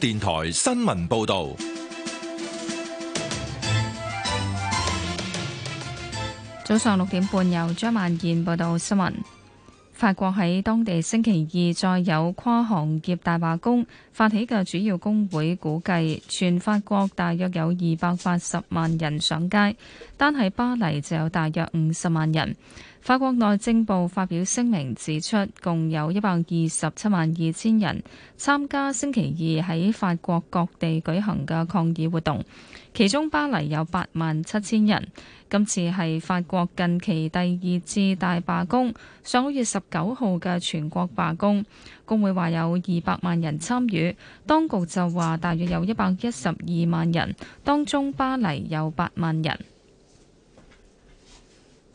電台新聞報道，早上六點半由張萬燕報道新聞。法國喺當地星期二再有跨行業大罷工，發起嘅主要工會估計全法國大約有二百八十萬人上街，單係巴黎就有大約五十萬人。法國內政部發表聲明指出，共有一百二十七萬二千人參加星期二喺法國各地舉行嘅抗議活動，其中巴黎有八萬七千人。今次係法國近期第二次大罷工，上個月十九號嘅全國罷工，工會話有二百萬人參與，當局就話大約有一百一十二萬人，當中巴黎有八萬人。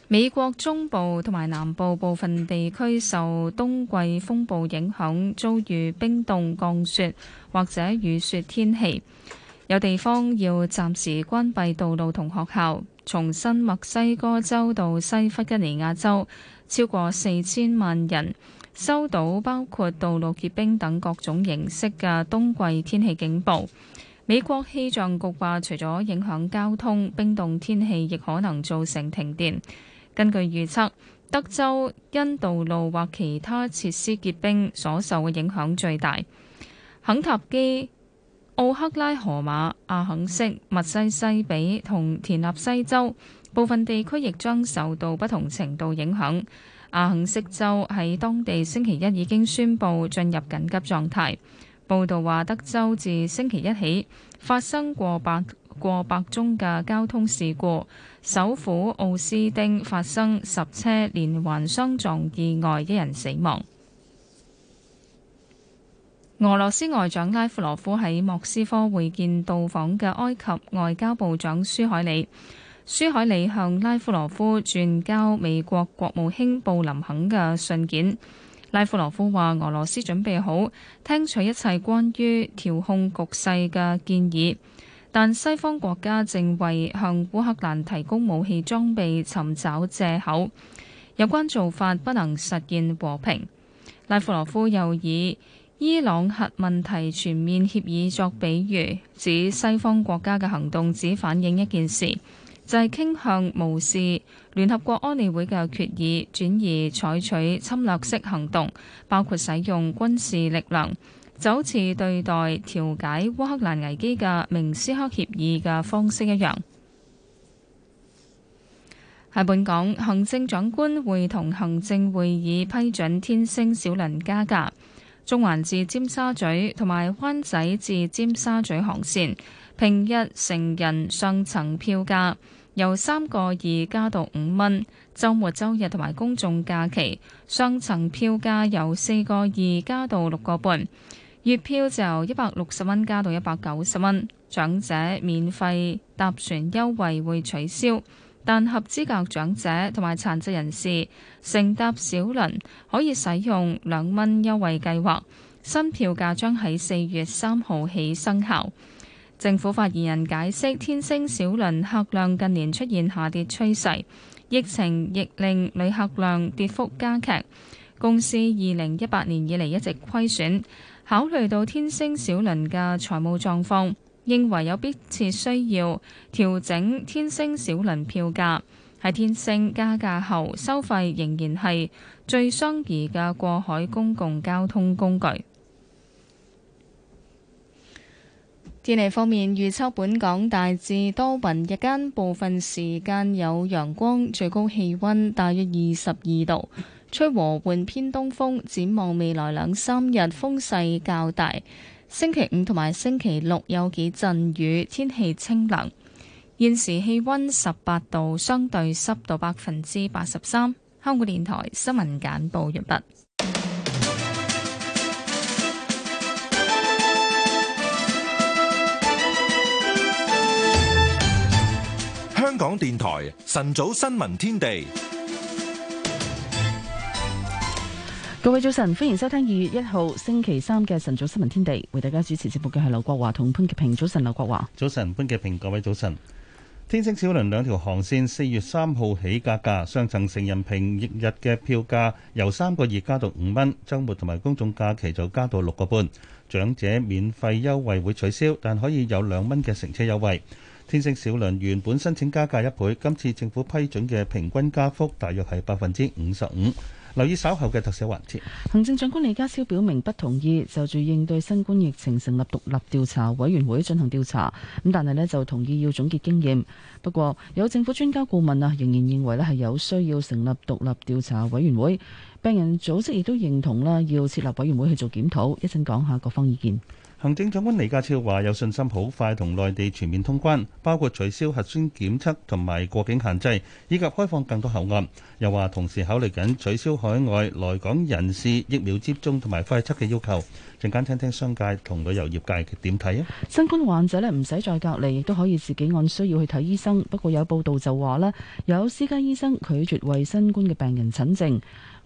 美國中部同埋南部部分地區受冬季風暴影響，遭遇冰凍、降雪或者雨雪天氣，有地方要暫時關閉道路同學校。從新墨西哥州到西弗吉尼亞州，超過四千萬人收到包括道路結冰等各種形式嘅冬季天氣警報。美國氣象局話，除咗影響交通，冰凍天氣亦可能造成停電。根據預測，德州因道路或其他設施結冰所受嘅影響最大。肯塔基、奧克拉荷馬、阿肯色、密西西比同田納西州部分地區亦將受到不同程度影響。阿肯色州喺當地星期一已經宣布進入緊急狀態。報道話，德州自星期一起發生過百過百宗嘅交通事故。首府奧斯丁發生十車連環相撞意外，一人死亡。俄羅斯外長拉夫羅夫喺莫斯科會見到訪嘅埃及外交部長舒海里，舒海里向拉夫羅夫轉交美國國務卿布林肯嘅信件。拉夫羅夫話：俄羅斯準備好，聽取一切關於調控局勢嘅建議。但西方國家正為向烏克蘭提供武器裝備尋找借口，有關做法不能實現和平。拉夫羅夫又以伊朗核問題全面協議作比喻，指西方國家嘅行動只反映一件事，就係、是、傾向無視聯合國安理會嘅決議，轉而採取侵略式行動，包括使用軍事力量。就好似對待調解烏克蘭危機嘅明斯克協議嘅方式一樣。喺本港行政長官會同行政會議批准天星小輪加價，中環至尖沙咀同埋灣仔至尖沙咀航線平日成人上層票價由三個二加到五蚊，週末、週日同埋公眾假期上層票價由四個二加到六個半。月票就由一百六十蚊加到一百九十蚊，長者免費搭船優惠會取消，但合資格長者同埋殘疾人士乘搭小輪可以使用兩蚊優惠計劃。新票價將喺四月三號起生效。政府發言人解釋，天星小輪客量近年出現下跌趨勢，疫情亦令旅客量跌幅加劇，公司二零一八年以嚟一直虧損。考慮到天星小輪嘅財務狀況，認為有迫切需要調整天星小輪票價。喺天星加價後，收費仍然係最相宜嘅過海公共交通工具。天氣方面，預測本港大致多雲，日間部分時間有陽光，最高氣溫大約二十二度。吹和緩偏東風，展望未來兩三日風勢較大。星期五同埋星期六有幾陣雨，天氣清涼。現時氣溫十八度，相對濕度百分之八十三。香港電台新聞簡報完畢。筆香港電台晨早新聞天地。各位早晨，歡迎收聽二月一號星期三嘅晨早新聞天地，為大家主持節目嘅係劉國華同潘潔平。早晨，劉國華，早晨，潘潔平，各位早晨。天星小輪兩條航線四月三號起加價，上層成人平日嘅票價由三個二加到五蚊，周末同埋公眾假期就加到六個半。長者免費優惠會取消，但可以有兩蚊嘅乘車優惠。天星小輪原本申請加價一倍，今次政府批准嘅平均加幅大約係百分之五十五。留意稍後嘅特寫環節。行政長官李家超表明不同意就住應對新冠疫情成立獨立調查委員會進行調查，咁但係呢就同意要總結經驗。不過有政府專家顧問啊仍然認為呢係有需要成立獨立調查委員會，病人組織亦都認同啦要設立委員會去做檢討。一陣講下各方意見。行政長官李家超話有信心好快同內地全面通關，包括取消核酸檢測同埋過境限制，以及開放更多口岸。又話同時考慮緊取消海外來港人士疫苗接種同埋快測嘅要求。陣間聽聽商界同旅遊業界點睇啊！新冠患者呢唔使再隔離，亦都可以自己按需要去睇醫生。不過有報道就話啦，有私家醫生拒絕為新冠嘅病人診症。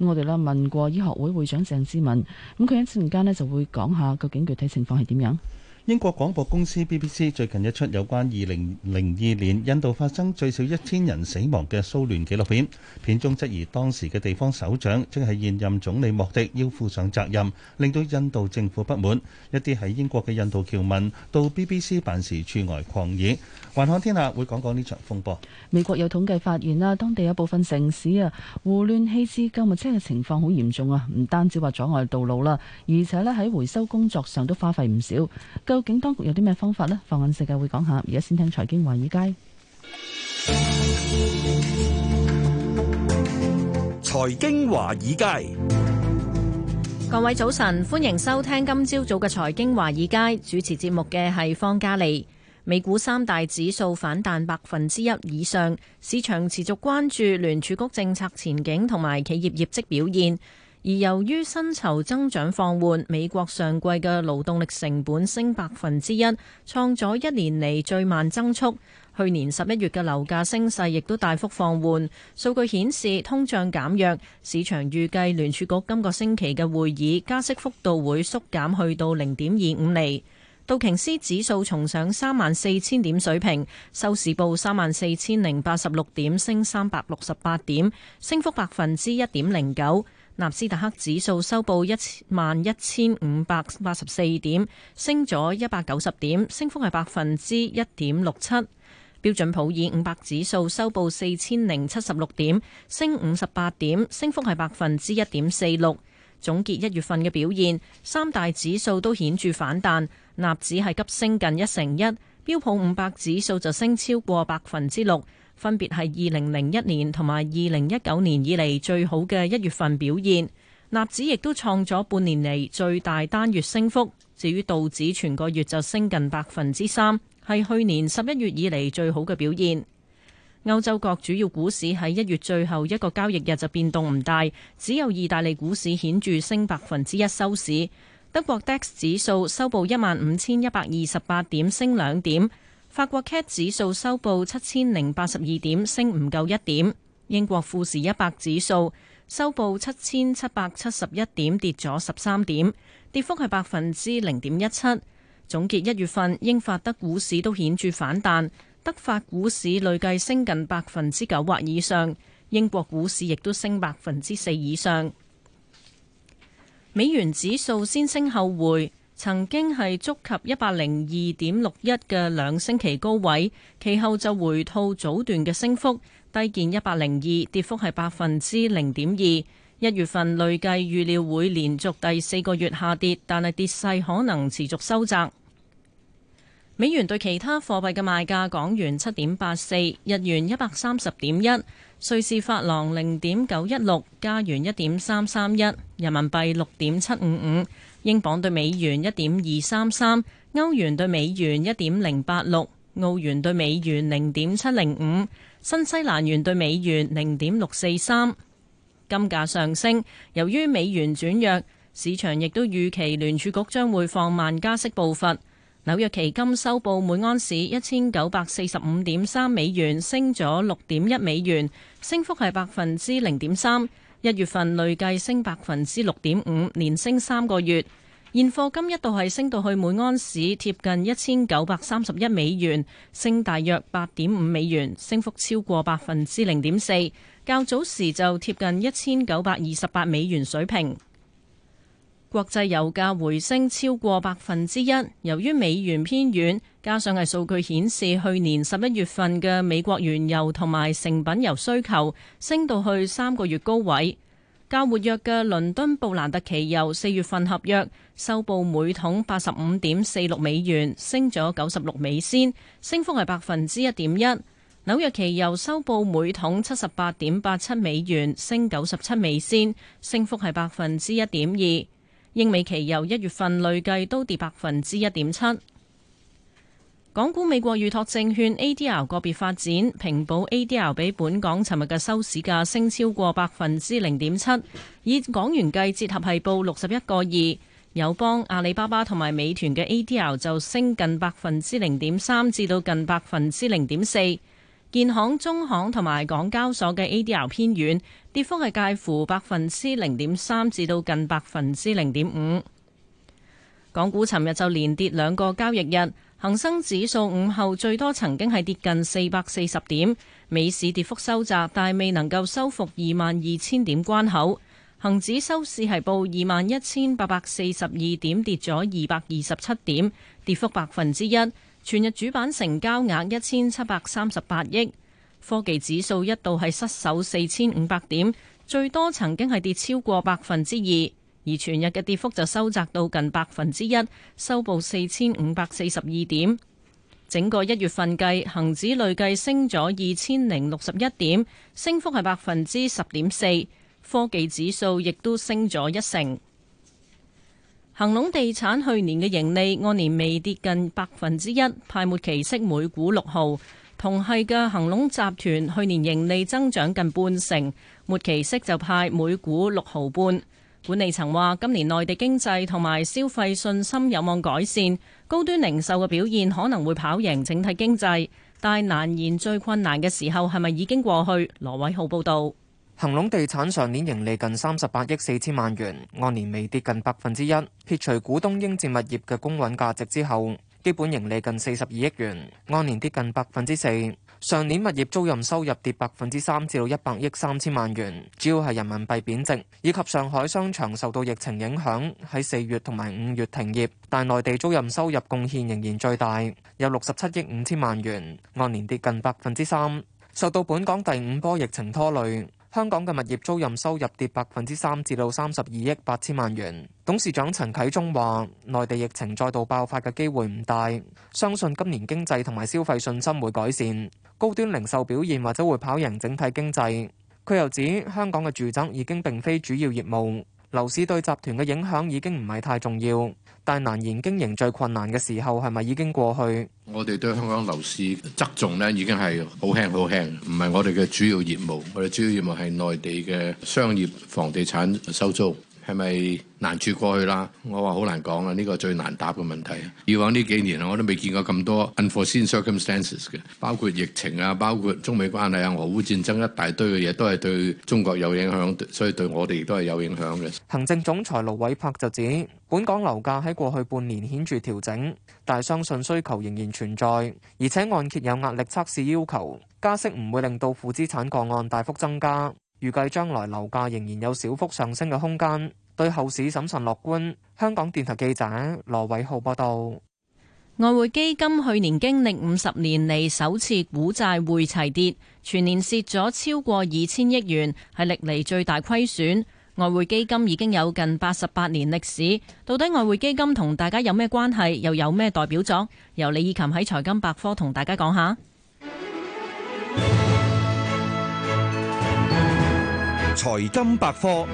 我哋啦，問過醫學會會長鄭志文，咁佢一陣間咧，就會講下究竟具體情況係點樣。英國廣播公司 BBC 最近一出有關二零零二年印度發生最少一千人死亡嘅騷亂記錄片片中質疑當時嘅地方首長，即係現任總理莫迪要負上責任，令到印度政府不滿。一啲喺英國嘅印度僑民到 BBC 辦事處外抗議。還看天下會講講呢場風波。美國有統計發現啦，當地有部分城市啊，胡亂棄置購物車嘅情況好嚴重啊，唔單止話阻礙道路啦，而且咧喺回收工作上都花費唔少。究竟當局有啲咩方法呢？放眼世界會講下。而家先聽財經華爾街。財經華爾街，各位早晨，歡迎收聽今朝早嘅財經華爾街。主持節目嘅係方嘉莉。美股三大指數反彈百分之一以上，市場持續關注聯儲局政策前景同埋企業業績表現。而由於薪酬增長放緩，美國上季嘅勞動力成本升百分之一，創咗一年嚟最慢增速。去年十一月嘅樓價升勢亦都大幅放緩。數據顯示通脹減弱，市場預計聯儲局今個星期嘅會議加息幅度會縮減去到零點二五厘。道瓊斯指數重上三萬四千點水平，收市報三萬四千零八十六點，升三百六十八點，升幅百分之一點零九。納斯達克指數收報一萬一千五百八十四點，升咗一百九十點，升幅係百分之一點六七。標準普爾五百指數收報四千零七十六點，升五十八點，升幅係百分之一點四六。總結一月份嘅表現，三大指數都顯著反彈。納指係急升近一成一，標普五百指數就升超過百分之六，分別係二零零一年同埋二零一九年以嚟最好嘅一月份表現。納指亦都創咗半年嚟最大單月升幅。至於道指全個月就升近百分之三，係去年十一月以嚟最好嘅表現。歐洲各主要股市喺一月最後一個交易日就變動唔大，只有意大利股市顯著升百分之一收市。德國 DAX 指數收報一萬五千一百二十八點，升兩點；法國 CAC 指數收報七千零八十二點，升唔夠一點；英國富時一百指數收報七千七百七十一點，跌咗十三點，跌幅係百分之零點一七。總結一月份英法德股市都顯著反彈，德法股市累計升近百分之九或以上，英國股市亦都升百分之四以上。美元指數先升後回，曾經係觸及一百零二點六一嘅兩星期高位，其後就回吐早段嘅升幅，低見一百零二，跌幅係百分之零點二。一月份累計預料會連續第四個月下跌，但係跌勢可能持續收窄。美元對其他貨幣嘅賣價，港元七點八四，日元一百三十點一。瑞士法郎零點九一六，加元一點三三一，人民幣六點七五五，英鎊兌美元一點二三三，歐元兌美元一點零八六，澳元兌美元零點七零五，新西蘭元兌美元零點六四三。金價上升，由於美元轉弱，市場亦都預期聯儲局將會放慢加息步伐。紐約期金收報每安士一千九百四十五點三美元，升咗六點一美元，升幅係百分之零點三。一月份累計升百分之六點五，連升三個月。現貨金一度係升到去每安士貼近一千九百三十一美元，升大約八點五美元，升幅超過百分之零點四。較早時就貼近一千九百二十八美元水平。國際油價回升超過百分之一，由於美元偏軟，加上係數據顯示去年十一月份嘅美國原油同埋成品油需求升到去三個月高位。較活躍嘅倫敦布蘭特期油四月份合約收報每桶八十五點四六美元，升咗九十六美仙，升幅係百分之一點一。紐約期油收報每桶七十八點八七美元，升九十七美仙，升幅係百分之一點二。英美期油一月份累計都跌百分之一點七，港股美國預託證券 A D R 個別發展，平保 A D R 比本港尋日嘅收市價升超過百分之零點七，以港元計折合係報六十一個二。友邦、阿里巴巴同埋美團嘅 A D R 就升近百分之零點三，至到近百分之零點四。建行、中行同埋港交所嘅 A.D.R 偏軟，跌幅係介乎百分之零點三至到近百分之零點五。港股尋日就連跌兩個交易日，恒生指數午後最多曾經係跌近四百四十點，尾市跌幅收窄，但未能夠收復二萬二千點關口。恒指收市係報二萬一千八百四十二點，跌咗二百二十七點，跌幅百分之一。全日主板成交額一千七百三十八億，科技指數一度係失守四千五百點，最多曾經係跌超過百分之二，而全日嘅跌幅就收窄到近百分之一，收報四千五百四十二點。整個一月份計，恒指累計升咗二千零六十一點，升幅係百分之十點四，科技指數亦都升咗一成。恒隆地產去年嘅盈利按年未跌近百分之一，派末期息每股六毫。同係嘅恒隆集團去年盈利增長近半成，末期息就派每股六毫半。管理層話，今年內地經濟同埋消費信心有望改善，高端零售嘅表現可能會跑贏整體經濟，但係難言最困難嘅時候係咪已經過去。羅偉浩報道。恒隆地產上年盈利近三十八億四千萬元，按年微跌近百分之一。撇除股東應佔物業嘅公允價值之後，基本盈利近四十二億元，按年跌近百分之四。上年物業租賃收入跌百分之三，至到一百億三千萬元，主要係人民幣貶值，以及上海商場受到疫情影響喺四月同埋五月停業，但內地租賃收入貢獻仍然最大，有六十七億五千萬元，按年跌近百分之三，受到本港第五波疫情拖累。香港嘅物業租賃收入跌百分之三，至到三十二億八千萬元。董事長陳啟宗話：內地疫情再度爆發嘅機會唔大，相信今年經濟同埋消費信心會改善，高端零售表現或者會跑贏整體經濟。佢又指，香港嘅住宅已經並非主要業務，樓市對集團嘅影響已經唔係太重要。大難言經營最困難嘅時候係咪已經過去？我哋對香港樓市側重咧已經係好輕好輕，唔係我哋嘅主要業務，我哋主要業務係內地嘅商業房地產收租。係咪難處過去啦？我話好難講啊！呢個最難答嘅問題。以往呢幾年我都未見過咁多 unforeseen circumstances 嘅，包括疫情啊，包括中美關係啊，俄烏戰爭，一大堆嘅嘢都係對中國有影響，所以對我哋亦都係有影響嘅。行政總裁盧偉柏就指，本港樓價喺過去半年顯著調整，但相信需求仍然存在，而且按揭有壓力測試要求，加息唔會令到負資產個案大幅增加。預計將來樓價仍然有小幅上升嘅空間，對後市審慎樂觀。香港電台記者羅偉浩報道：外匯基金去年經歷五十年嚟，首次股債匯齊跌，全年蝕咗超過二千億元，係歷來最大虧損。外匯基金已經有近八十八年歷史，到底外匯基金同大家有咩關係，又有咩代表作？由李以琴喺財金百科同大家講下。財金百科，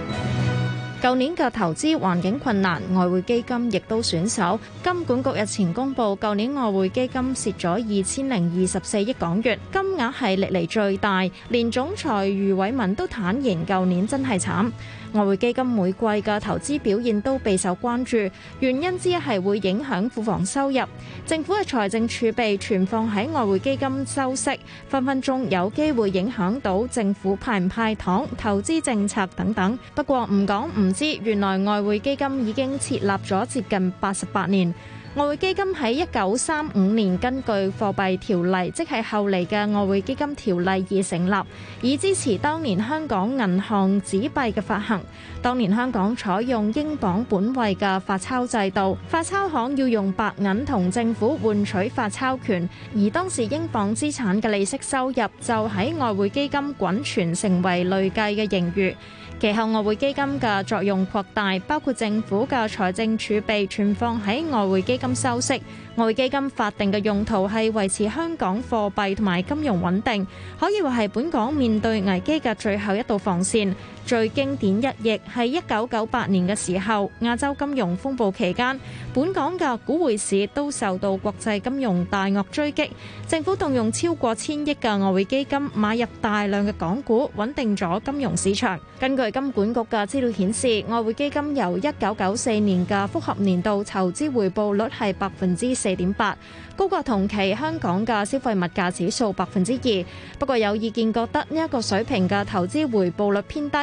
舊年嘅投資環境困難，外匯基金亦都損手。金管局日前公布，舊年外匯基金蝕咗二千零二十四億港元，金額係歷嚟最大。連總裁余偉文都坦言，舊年真係慘。外匯基金每季嘅投資表現都備受關注，原因之一係會影響庫房收入。政府嘅財政儲備存放喺外匯基金收息，分分鐘有機會影響到政府派唔派糖、投資政策等等。不過唔講唔知，原來外匯基金已經設立咗接近八十八年。外匯基金喺一九三五年根據貨幣條例，即係後嚟嘅外匯基金條例而成立，以支持當年香港銀行紙幣嘅發行。當年香港採用英鎊本位嘅發鈔制度，發鈔行要用白銀同政府換取發鈔權，而當時英鎊資產嘅利息收入就喺外匯基金滾存，成為累計嘅盈餘。其後外匯基金嘅作用擴大，包括政府嘅財政儲備存放喺外匯基金收息。外匯基金法定嘅用途係維持香港貨幣同埋金融穩定，可以話係本港面對危機，嘅最後一道防線。最經典一役係1998年嘅時候，亞洲金融風暴期間本港嘅股匯市都受到國際金融大鱷追擊，政府動用超過千億嘅外匯基金買入大量嘅港股，穩定咗金融市場。根據金管局嘅資料顯示，外匯基金由一九九四年嘅複合年度投資回報率係百分之四點八。高過同期香港嘅消費物價指數百分之二，不過有意見覺得呢一個水平嘅投資回報率偏低。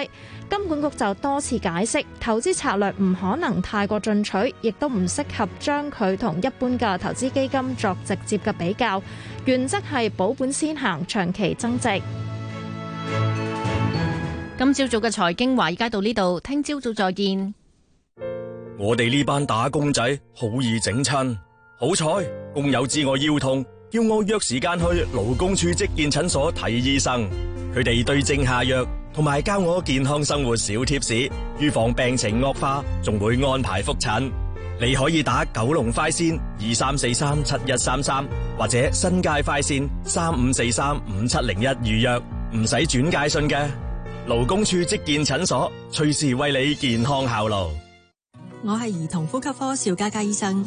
金管局就多次解釋，投資策略唔可能太過進取，亦都唔適合將佢同一般嘅投資基金作直接嘅比較。原則係保本先行，長期增值。今朝早嘅財經話，而家到呢度，聽朝早再見。我哋呢班打工仔好易整親，好彩。工友知我腰痛，叫我約時間去勞工處職健診所睇醫生。佢哋對症下藥，同埋教我健康生活小貼士，預防病情惡化，仲會安排複診。你可以打九龍快線二三四三七一三三，或者新界快線三五四三五七零一預約，唔使轉介信嘅。勞工處職健診所隨時為你健康效勞。我係兒童呼吸科邵嘉嘉醫生。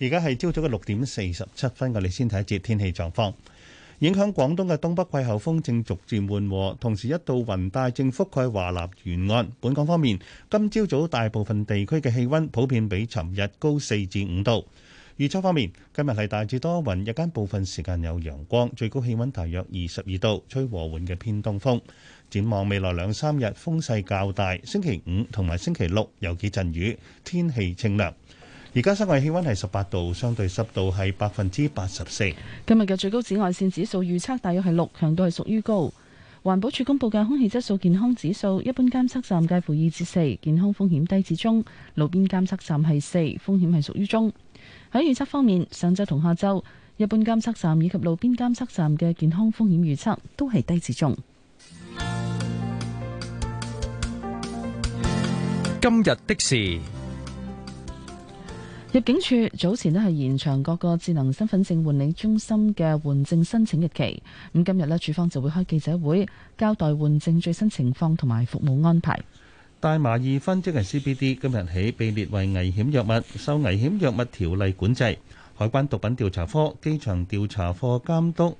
而家係朝早嘅六點四十七分，我哋先睇一節天氣狀況。影響廣東嘅東北季候風正逐漸緩和，同時一道雲帶正覆蓋華南沿岸。本港方面，今朝早大部分地區嘅氣温普遍比尋日高四至五度。預測方面，今日係大致多雲，日間部分時間有陽光，最高氣温大約二十二度，吹和緩嘅偏東風。展望未來兩三日風勢較大，星期五同埋星期六有幾陣雨，天氣清涼。而家室外氣温係十八度，相對濕度係百分之八十四。今日嘅最高紫外線指數預測大約係六，強度係屬於高。環保署公布嘅空氣質素健康指數，一般監測站介乎二至四，健康風險低至中；路邊監測站係四，風險係屬於中。喺預測方面，上晝同下晝，一般監測站以及路邊監測站嘅健康風險預測都係低至中。今日的事。入境處早前呢係延長各個智能身份證換領中心嘅換證申請日期，咁今日呢處方就會開記者會交代換證最新情況同埋服務安排。大麻二酚即係 CBD，今日起被列為危險藥物，受危險藥物條例管制。海關毒品調查科機場調查科監督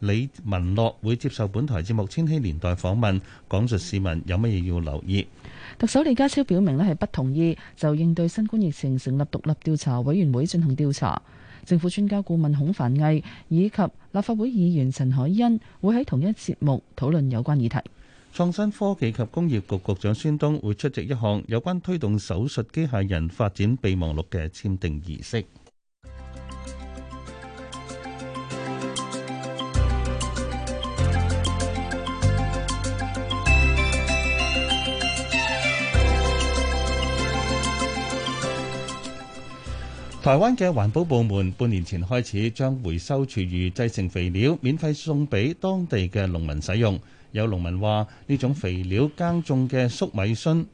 李文樂會接受本台節目千禧年代訪問，講述市民有乜嘢要留意。特首李家超表明呢係不同意就應對新冠疫情成立獨立調查委員會進行調查。政府專家顧問孔繁毅以及立法會議員陳海欣會喺同一節目討論有關議題。創新科技及工業局局長孫東會出席一項有關推動手術機械人發展備忘錄嘅簽訂儀式。台灣嘅環保部門半年前開始將回收廚餘製成肥料，免費送俾當地嘅農民使用。有農民話：呢種肥料耕種嘅粟米筍。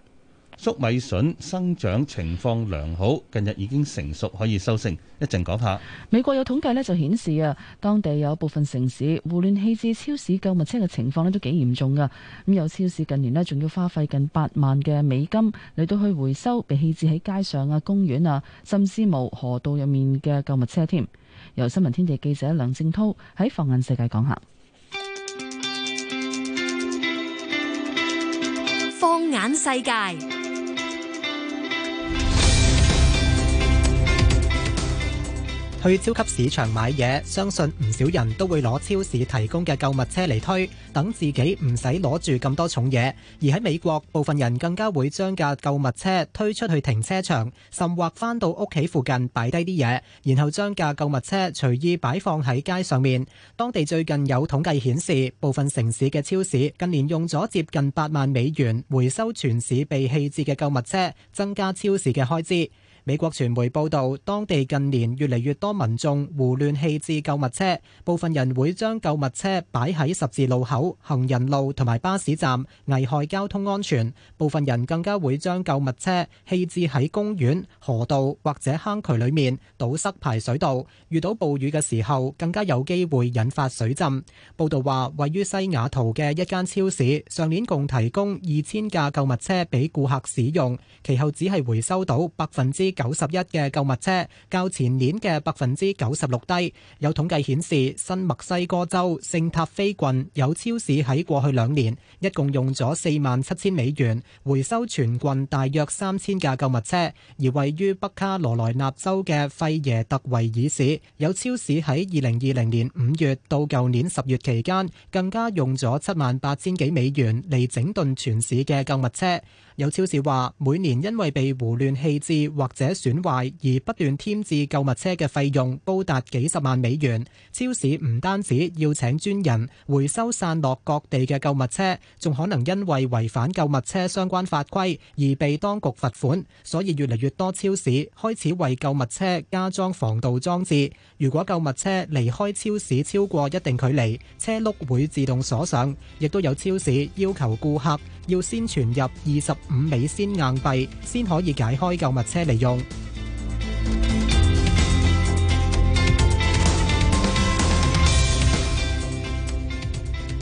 粟米筍生長情況良好，近日已經成熟可以收成。一陣講下。美國有統計呢就顯示啊，當地有部分城市胡亂棄置超市購物車嘅情況呢都幾嚴重噶。咁有超市近年呢，仲要花費近八萬嘅美金嚟到去回收被棄置喺街上啊、公園啊、甚至冇河道入面嘅購物車添。由新聞天地記者梁正濤喺放眼世界講下。放眼世界。去超級市場買嘢，相信唔少人都會攞超市提供嘅購物車嚟推，等自己唔使攞住咁多重嘢。而喺美國，部分人更加會將架購物車推出去停車場，甚或返到屋企附近擺低啲嘢，然後將架購物車隨意擺放喺街上面。當地最近有統計顯示，部分城市嘅超市近年用咗接近八萬美元回收全市被棄置嘅購物車，增加超市嘅開支。美國傳媒報導，當地近年越嚟越多民眾胡亂棄置購物車，部分人會將購物車擺喺十字路口、行人路同埋巴士站，危害交通安全；部分人更加會將購物車棄置喺公園、河道或者坑渠裡面，堵塞排水道。遇到暴雨嘅時候，更加有機會引發水浸。報導話，位於西雅圖嘅一間超市上年共提供二千架購物車畀顧客使用，其後只係回收到百分之九十一嘅購物車，較前年嘅百分之九十六低。有統計顯示，新墨西哥州聖塔菲郡有超市喺過去兩年一共用咗四萬七千美元回收全郡大約三千架購物車，而位於北卡羅來納州嘅費耶特維爾市有超市喺二零二零年五月到舊年十月期間，更加用咗七萬八千幾美元嚟整頓全市嘅購物車。有超市話，每年因為被胡亂棄置或者損壞而不斷添置購物車嘅費用，高達幾十萬美元。超市唔單止要請專人回收散落各地嘅購物車，仲可能因為違反購物車相關法規而被當局罰款。所以越嚟越多超市開始為購物車加裝防盜裝置。如果購物車離開超市超過一定距離，車轆會自動鎖上。亦都有超市要求顧客要先存入二十五美仙硬幣，先可以解開購物車嚟用。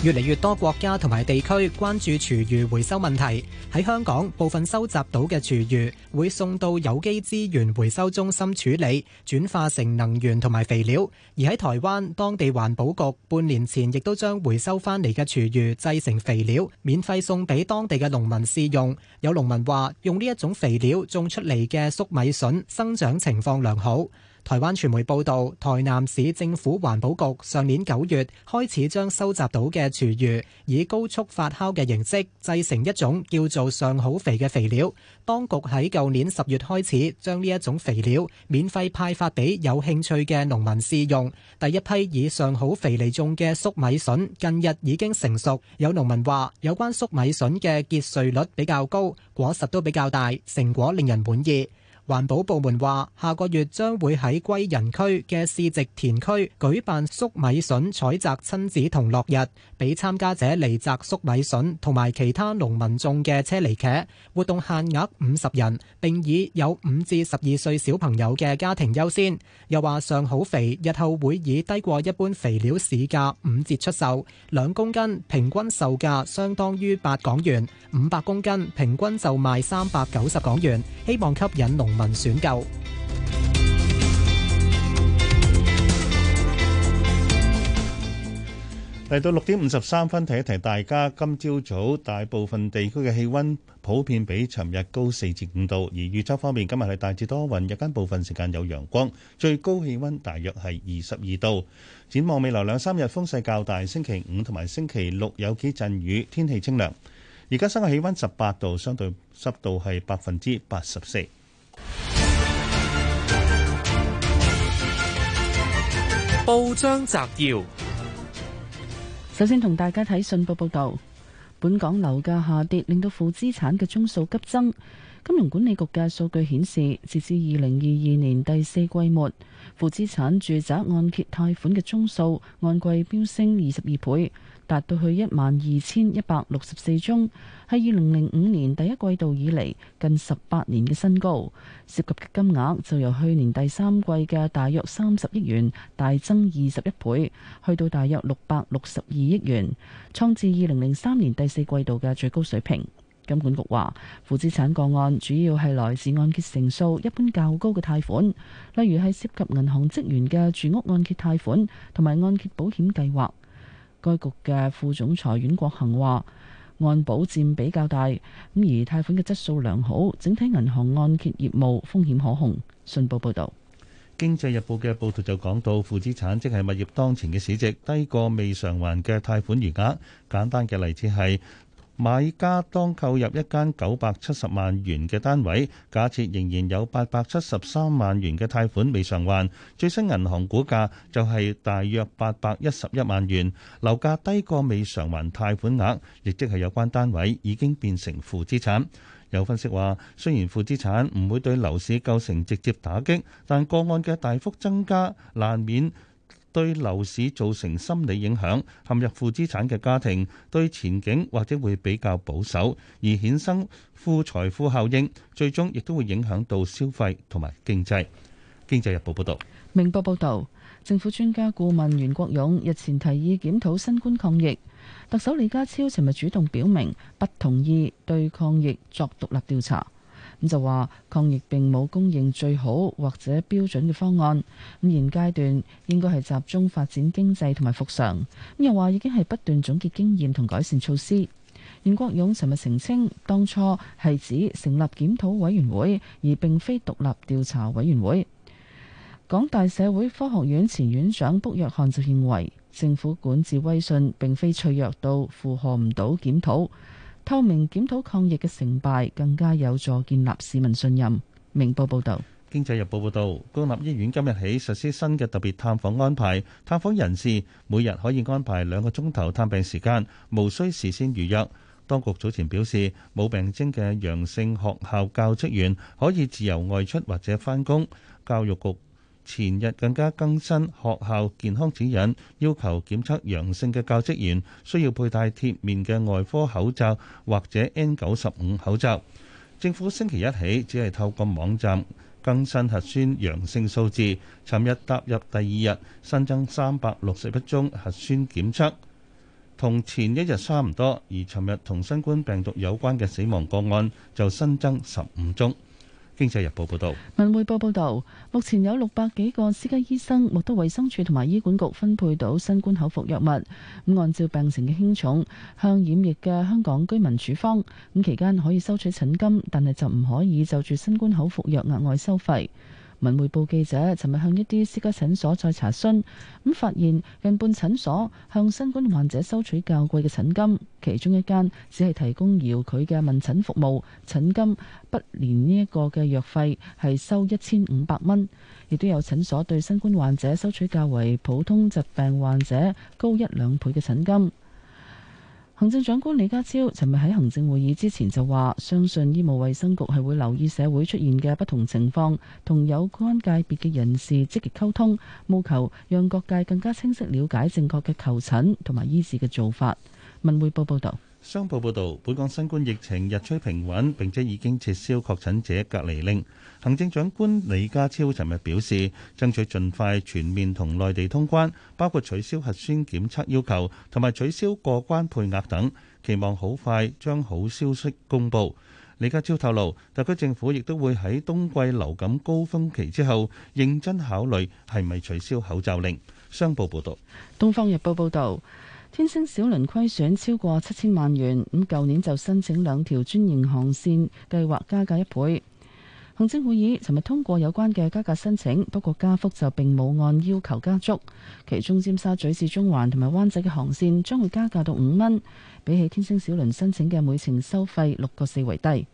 越嚟越多國家同埋地區關注廚餘回收問題。喺香港，部分收集到嘅廚餘會送到有機資源回收中心處理，轉化成能源同埋肥料。而喺台灣，當地環保局半年前亦都將回收翻嚟嘅廚餘製成肥料，免費送俾當地嘅農民試用。有農民話，用呢一種肥料種出嚟嘅粟米筍生長情況良好。台灣傳媒報道，台南市政府環保局上年九月開始將收集到嘅廚餘以高速發酵嘅形式製成一種叫做上好肥嘅肥料。當局喺舊年十月開始將呢一種肥料免費派發俾有興趣嘅農民試用。第一批以上好肥嚟種嘅粟米筍近日已經成熟。有農民話，有關粟米筍嘅結穗率比較高，果實都比較大，成果令人滿意。環保部門話，下個月將會喺歸仁區嘅市直田區舉辦粟米笋採摘親子同樂日，俾參加者嚟摘粟米笋同埋其他農民種嘅車厘茄。活動限額五十人，並以有五至十二歲小朋友嘅家庭優先。又話上好肥，日後會以低過一般肥料市價五折出售，兩公斤平均售價相當於八港元，五百公斤平均就賣三百九十港元。希望吸引農。民選救嚟到六點五十三分，提一提大家。今朝早大部分地區嘅氣溫普遍比尋日高四至五度。而預測方面，今日係大致多雲，日間部分時間有陽光，最高氣溫大約係二十二度。展望未來兩三日風勢較大，星期五同埋星期六有幾陣雨，天氣清涼。而家室外氣溫十八度，相對濕度係百分之八十四。報章摘要：首先同大家睇信報報道，本港樓價下跌，令到負資產嘅宗數急增。金融管理局嘅數據顯示，截至二零二二年第四季末，負資產住宅按揭貸款嘅宗數按季飆升二十二倍。達到去一萬二千一百六十四宗，係二零零五年第一季度以嚟近十八年嘅新高。涉及嘅金額就由去年第三季嘅大約三十億元，大增二十一倍，去到大約六百六十二億元，創至二零零三年第四季度嘅最高水平。金管局話，負資產個案主要係來自按揭成數一般較高嘅貸款，例如係涉及銀行職員嘅住屋按揭貸款同埋按揭保險計劃。該局嘅副總裁阮國恒話：按保佔比較大，咁而貸款嘅質素良好，整體銀行按揭業務風險可控。信報報道，《經濟日報》嘅報導就講到，負資產即係物業當前嘅市值低過未償還嘅貸款餘額。簡單嘅例子係：買家當購入一間九百七十萬元嘅單位，假設仍然有八百七十三萬元嘅貸款未償還，最新銀行股價就係大約八百一十一萬元，樓價低過未償還貸款額，亦即係有關單位已經變成負資產。有分析話，雖然負資產唔會對樓市構成直接打擊，但個案嘅大幅增加難免。對樓市造成心理影響，陷入負資產嘅家庭對前景或者會比較保守，而衍生負財富效應，最終亦都會影響到消費同埋經濟。經濟日報報道。明報報道，政府專家顧問袁國勇日前提議檢討新冠抗疫，特首李家超尋日主動表明不同意對抗疫作獨立調查。咁就話抗疫並冇公認最好或者標準嘅方案，咁現階段應該係集中發展經濟同埋復常。咁又話已經係不斷總結經驗同改善措施。袁國勇尋日澄清，當初係指成立檢討委員會，而並非獨立調查委員會。港大社會科學院前院長卜約翰就認為，政府管治威信並非脆弱到負荷唔到檢討。透明檢討抗疫嘅成敗，更加有助建立市民信任。明報報道，經濟日報報道，公立醫院今日起實施新嘅特別探訪安排，探訪人士每日可以安排兩個鐘頭探病時間，無需事先預約。當局早前表示，冇病徵嘅陽性學校教職員可以自由外出或者返工。教育局，前日更加更新學校健康指引，要求檢測陽性嘅教職員需要佩戴貼面嘅外科口罩或者 N 九十五口罩。政府星期一起只係透過網站更新核酸陽性數字。尋日踏入第二日，新增三百六十一宗核酸檢測，同前一日差唔多。而尋日同新冠病毒有關嘅死亡個案就新增十五宗。經濟日報報導，文匯報報導，目前有六百幾個私家醫生獲得衛生署同埋醫管局分配到新冠口服藥物，咁按照病情嘅輕重向染疫嘅香港居民處方，咁期間可以收取診金，但係就唔可以就住新冠口服藥額外收費。文匯報記者尋日向一啲私家診所再查詢，咁發現近半診所向新冠患者收取較貴嘅診金，其中一間只係提供遙距嘅問診服務，診金不連呢一個嘅藥費，係收一千五百蚊，亦都有診所對新冠患者收取較為普通疾病患者高一兩倍嘅診金。行政長官李家超尋日喺行政會議之前就話，相信醫務衛生局係會留意社會出現嘅不同情況，同有關界別嘅人士積極溝通，務求讓各界更加清晰了解正確嘅求診同埋醫治嘅做法。文匯報報道。商報報導，本港新冠疫情日趨平穩，並且已經撤銷確診者隔離令。行政長官李家超尋日表示，爭取盡快全面同內地通關，包括取消核酸檢測要求同埋取消過關配額等，期望好快將好消息公布。李家超透露，特區政府亦都會喺冬季流感高峰期之後，認真考慮係咪取消口罩令。商報報導，東方日報報導。天星小輪虧損超過七千萬元，咁舊年就申請兩條專營航線計劃加價一倍。行政會議尋日通過有關嘅加價申請，不過加幅就並冇按要求加足。其中尖沙咀至中環同埋灣仔嘅航線將會加價到五蚊，比起天星小輪申請嘅每程收費六個四為低。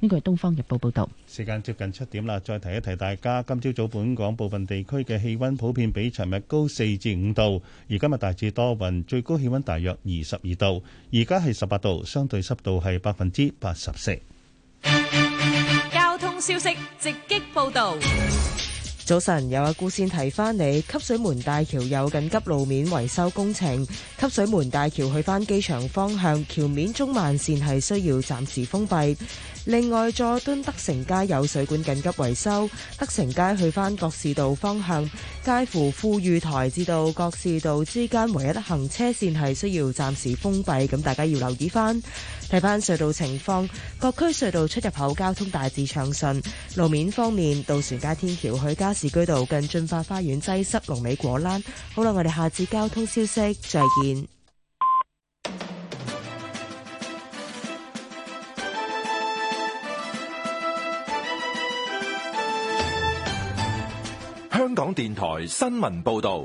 呢個係《東方日報》報道。時間接近七點啦，再提一提大家。今朝早，本港部分地區嘅氣温普遍比尋日高四至五度，而今日大致多雲，最高氣温大約二十二度。而家係十八度，相對濕度係百分之八十四。交通消息直擊報道。早晨，有阿顧先提翻你，汲水門大橋有緊急路面維修工程。汲水門大橋去翻機場方向，橋面中慢線係需要暫時封閉。另外，佐敦德成街有水管緊急維修，德成街去翻各市道方向，介乎富裕台至到各市道之間唯一得行車線係需要暫時封閉，咁大家要留意翻，睇翻隧道情況。各區隧道出入口交通大致暢順。路面方面，渡船街天橋去加士居道近俊發花園擠塞，龍尾果欄。好啦，我哋下次交通消息再見。香港電台新聞報道，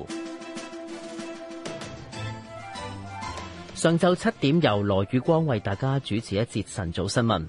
上晝七點由羅宇光為大家主持一節晨早新聞。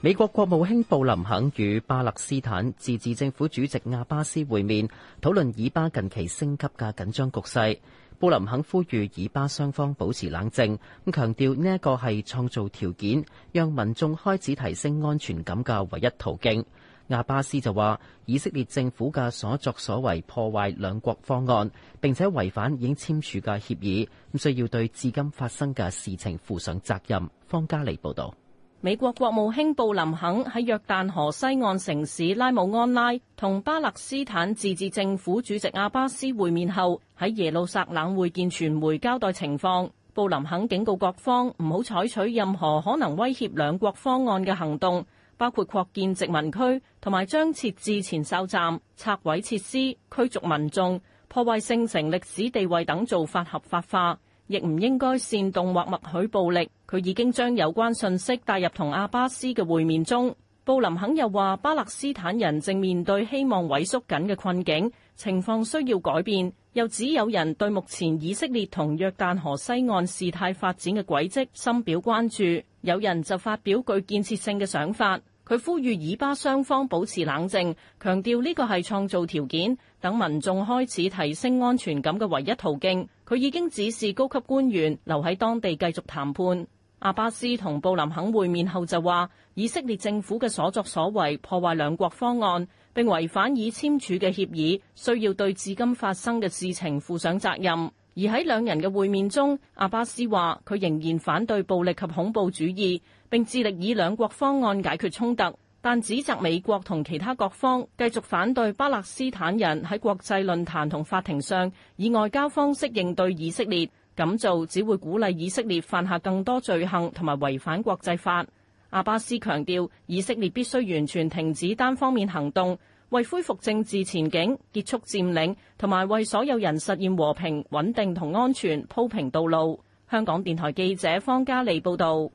美國國務卿布林肯與巴勒斯坦自治政府主席亞巴斯會面，討論以巴近期升級嘅緊張局勢。布林肯呼籲以巴雙方保持冷靜，咁強調呢一個係創造條件，讓民眾開始提升安全感嘅唯一途徑。阿巴斯就話：以色列政府嘅所作所為破壞兩國方案，並且違反已經簽署嘅協議，咁需要對至今發生嘅事情負上責任。方家莉報導。美國國務卿布林肯喺約旦河西岸城市拉姆安拉同巴勒斯坦自治政府主席阿巴斯會面後，喺耶路撒冷會見傳媒交代情況。布林肯警告各方唔好採取任何可能威脅兩國方案嘅行動。包括擴建殖民區，同埋將設置前哨站、拆毀設施、驅逐民眾、破壞聖城歷史地位等做法合法化，亦唔應該煽動或默許暴力。佢已經將有關信息帶入同阿巴斯嘅會面中。布林肯又話，巴勒斯坦人正面對希望萎縮緊嘅困境，情況需要改變。又指有人對目前以色列同約旦河西岸事態發展嘅軌跡深表關注，有人就發表具建設性嘅想法。佢呼籲以巴雙方保持冷靜，強調呢個係創造條件，等民眾開始提升安全感嘅唯一途徑。佢已經指示高級官員留喺當地繼續談判。阿巴斯同布林肯會面後就話，以色列政府嘅所作所為破壞兩國方案。並違反已簽署嘅協議，需要對至今發生嘅事情負上責任。而喺兩人嘅會面中，阿巴斯話：佢仍然反對暴力及恐怖主義，並致力以兩國方案解決衝突。但指責美國同其他各方繼續反對巴勒斯坦人喺國際論壇同法庭上以外交方式應對以色列，咁做只會鼓勵以色列犯下更多罪行同埋違反國際法。阿巴斯強調，以色列必須完全停止單方面行動，為恢復政治前景、結束佔領同埋為所有人實現和平、穩定同安全鋪平道路。香港電台記者方嘉利報導。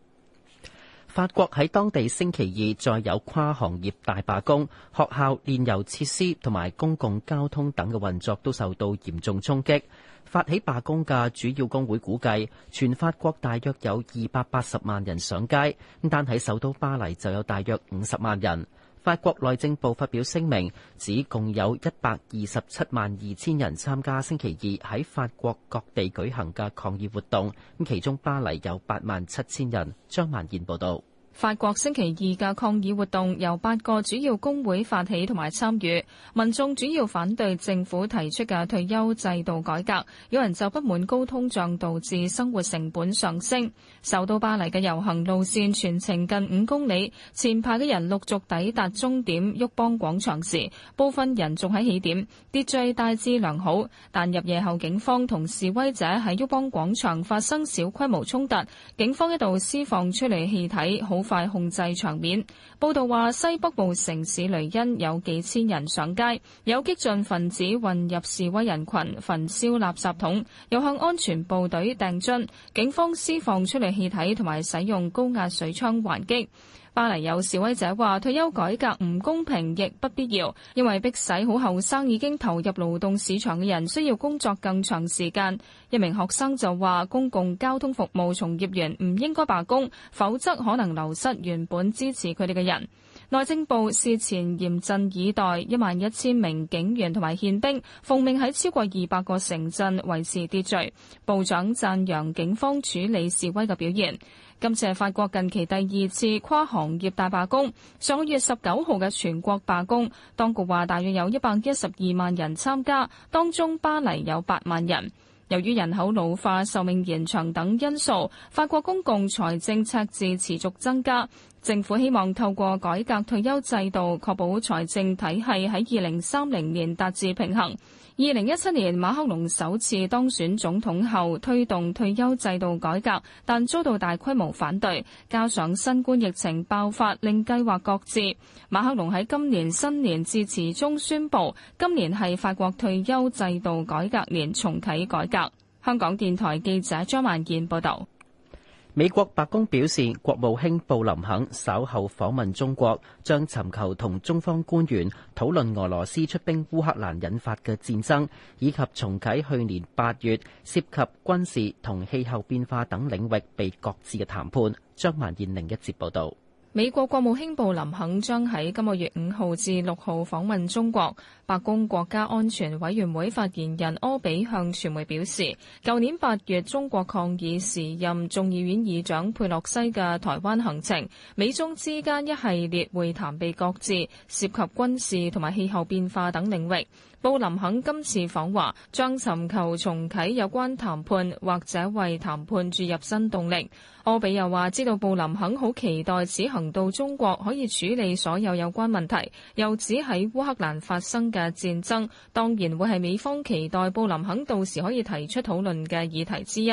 法國喺當地星期二再有跨行業大罷工，學校、煉油設施同埋公共交通等嘅運作都受到嚴重衝擊。發起罷工嘅主要工會估計，全法國大約有二百八十萬人上街，咁單喺首都巴黎就有大約五十萬人。法國內政部發表聲明，指共有一百二十七萬二千人參加星期二喺法國各地舉行嘅抗議活動，咁其中巴黎有八萬七千人。張曼燕報道。法國星期二嘅抗議活動由八個主要工會發起同埋參與，民眾主要反對政府提出嘅退休制度改革，有人就不滿高通脹導致生活成本上升。首都巴黎嘅遊行路線全程近五公里，前排嘅人陸續抵達終點旭邦廣場時，部分人仲喺起點。秩序大致良好，但入夜後警方同示威者喺旭邦廣場發生小規模衝突，警方一度施放催淚氣體好快控制場面。報道話，西北部城市雷恩有幾千人上街，有激進分子混入示威人群，焚燒垃圾桶，又向安全部隊掟樽。警方施放催淚氣體，同埋使用高壓水槍還擊。巴黎有示威者話退休改革唔公平亦不必要，因為迫使好後生已經投入勞動市場嘅人需要工作更長時間。一名學生就話公共交通服務從業員唔應該罷工，否則可能流失原本支持佢哋嘅人。內政部事前嚴陣以待，一萬一千名警員同埋憲兵奉命喺超過二百個城鎮維持秩序。部長讚揚警方處理示威嘅表現。今次係法國近期第二次跨行業大罷工。上個月十九號嘅全國罷工，當局話大約有一百一十二萬人參加，當中巴黎有八萬人。由於人口老化、壽命延長等因素，法國公共財政赤字持續增加。政府希望透過改革退休制度，確保財政體系喺二零三零年達至平衡。二零一七年，馬克龍首次當選總統後推動退休制度改革，但遭到大規模反對，加上新冠疫情爆發令計劃擱置。馬克龍喺今年新年致辭中宣布，今年係法國退休制度改革年，重啟改革。香港電台記者張萬健報道。美國白宮表示，國務卿布林肯稍後訪問中國，將尋求同中方官員討論俄羅斯出兵烏克蘭引發嘅戰爭，以及重啟去年八月涉及軍事同氣候變化等領域被擱置嘅談判。張曼燕另一節報道。美國國務卿布林肯將喺今個月五號至六號訪問中國。白宮國家安全委員會發言人柯比向傳媒表示，舊年八月中國抗議時任眾議院議長佩洛西嘅台灣行程，美中之間一系列會談被擱置，涉及軍事同埋氣候變化等領域。布林肯今次訪華將尋求重啟有關談判，或者為談判注入新動力。柯比又話知道布林肯好期待此行到中國可以處理所有有關問題，又指喺烏克蘭發生嘅戰爭，當然會係美方期待布林肯到時可以提出討論嘅議題之一。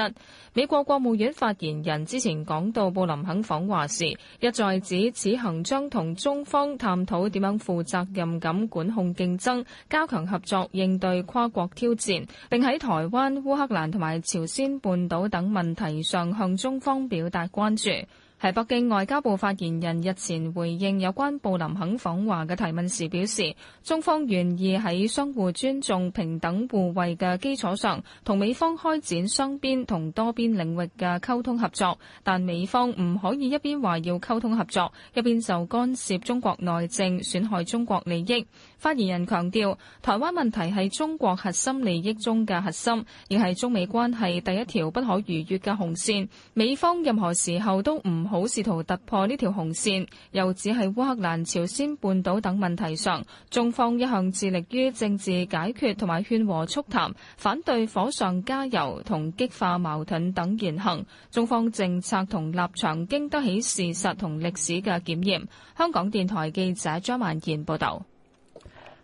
美國國務院發言人之前講到布林肯訪華時一再指此行將同中方探討點樣負責任咁管控競爭，加強合。合作應對跨國挑戰，並喺台灣、烏克蘭同埋朝鮮半島等問題上向中方表達關注。喺北京外交部發言人日前回應有關布林肯訪華嘅提問時表示，中方願意喺相互尊重、平等互惠嘅基礎上，同美方開展雙邊同多邊領域嘅溝通合作，但美方唔可以一邊話要溝通合作，一邊就干涉中國內政、損害中國利益。發言人強調，台灣問題係中國核心利益中嘅核心，亦係中美關係第一條不可逾越嘅紅線，美方任何時候都唔好，試圖突破呢條紅線，又指喺烏克蘭朝鮮半島等問題上，中方一向致力於政治解決同埋勸和促談，反對火上加油同激化矛盾等言行。中方政策同立場經得起事實同歷史嘅檢驗。香港電台記者張曼賢報道。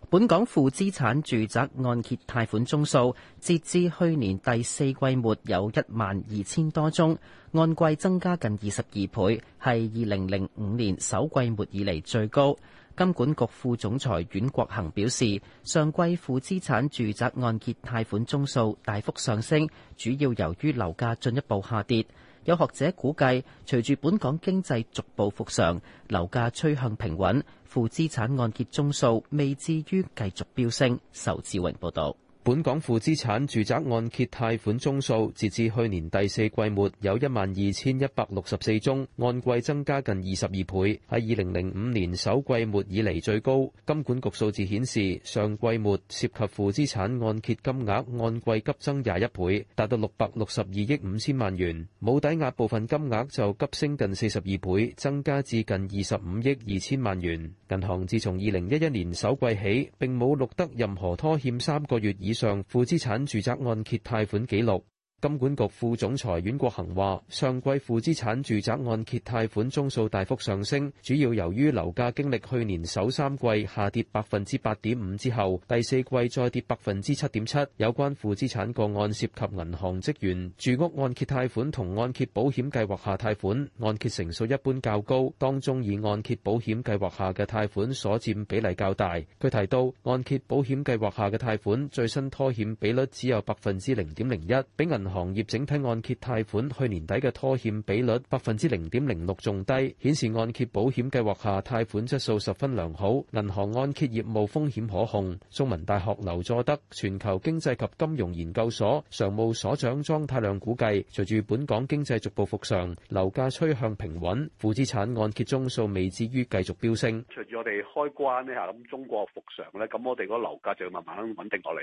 本港負資產住宅按揭貸款宗數，截至去年第四季末有一萬二千多宗，按季增加近二十二倍，係二零零五年首季末以嚟最高。金管局副總裁阮國恆表示，上季負資產住宅按揭貸款宗數大幅上升，主要由於樓價進一步下跌。有學者估計，隨住本港經濟逐步復常，樓價趨向平穩。負資產按揭宗數未至於繼續飆升，仇志榮報道。本港負資產住宅按揭貸款宗數，截至去年第四季末有一萬二千一百六十四宗，按季增加近二十二倍，喺二零零五年首季末以嚟最高。金管局數字顯示，上季末涉及負資產按揭金額按季急增廿一倍，達到六百六十二億五千萬元。冇抵押部分金額就急升近四十二倍，增加至近二十五億二千萬元。銀行自從二零一一年首季起並冇錄得任何拖欠三個月以上負資產住宅按揭貸款記錄。金管局副總裁阮國恒話：上季負資產住宅按揭貸款宗數大幅上升，主要由於樓價經歷去年首三季下跌百分之八點五之後，第四季再跌百分之七點七。有關負資產個案涉及銀行職員住屋按揭貸款同按揭保險計劃下貸款，按揭成數一般較高，當中以按揭保險計劃下嘅貸款所佔比例較大。佢提到，按揭保險計劃下嘅貸款最新拖欠比率只有百分之零點零一，比銀行。行業整體按揭貸款去年底嘅拖欠比率百分之零點零六，仲低，顯示按揭保險計劃下貸款質素十分良好，銀行按揭業務風險可控。中文大學劉佐德全球經濟及金融研究所常務所長莊太量估計，隨住本港經濟逐步復常，樓價趨向平穩，負資產按揭宗數未至於繼續飆升。隨住我哋開關呢嚇，咁中國復常咧，咁我哋個樓價就慢慢穩定落嚟。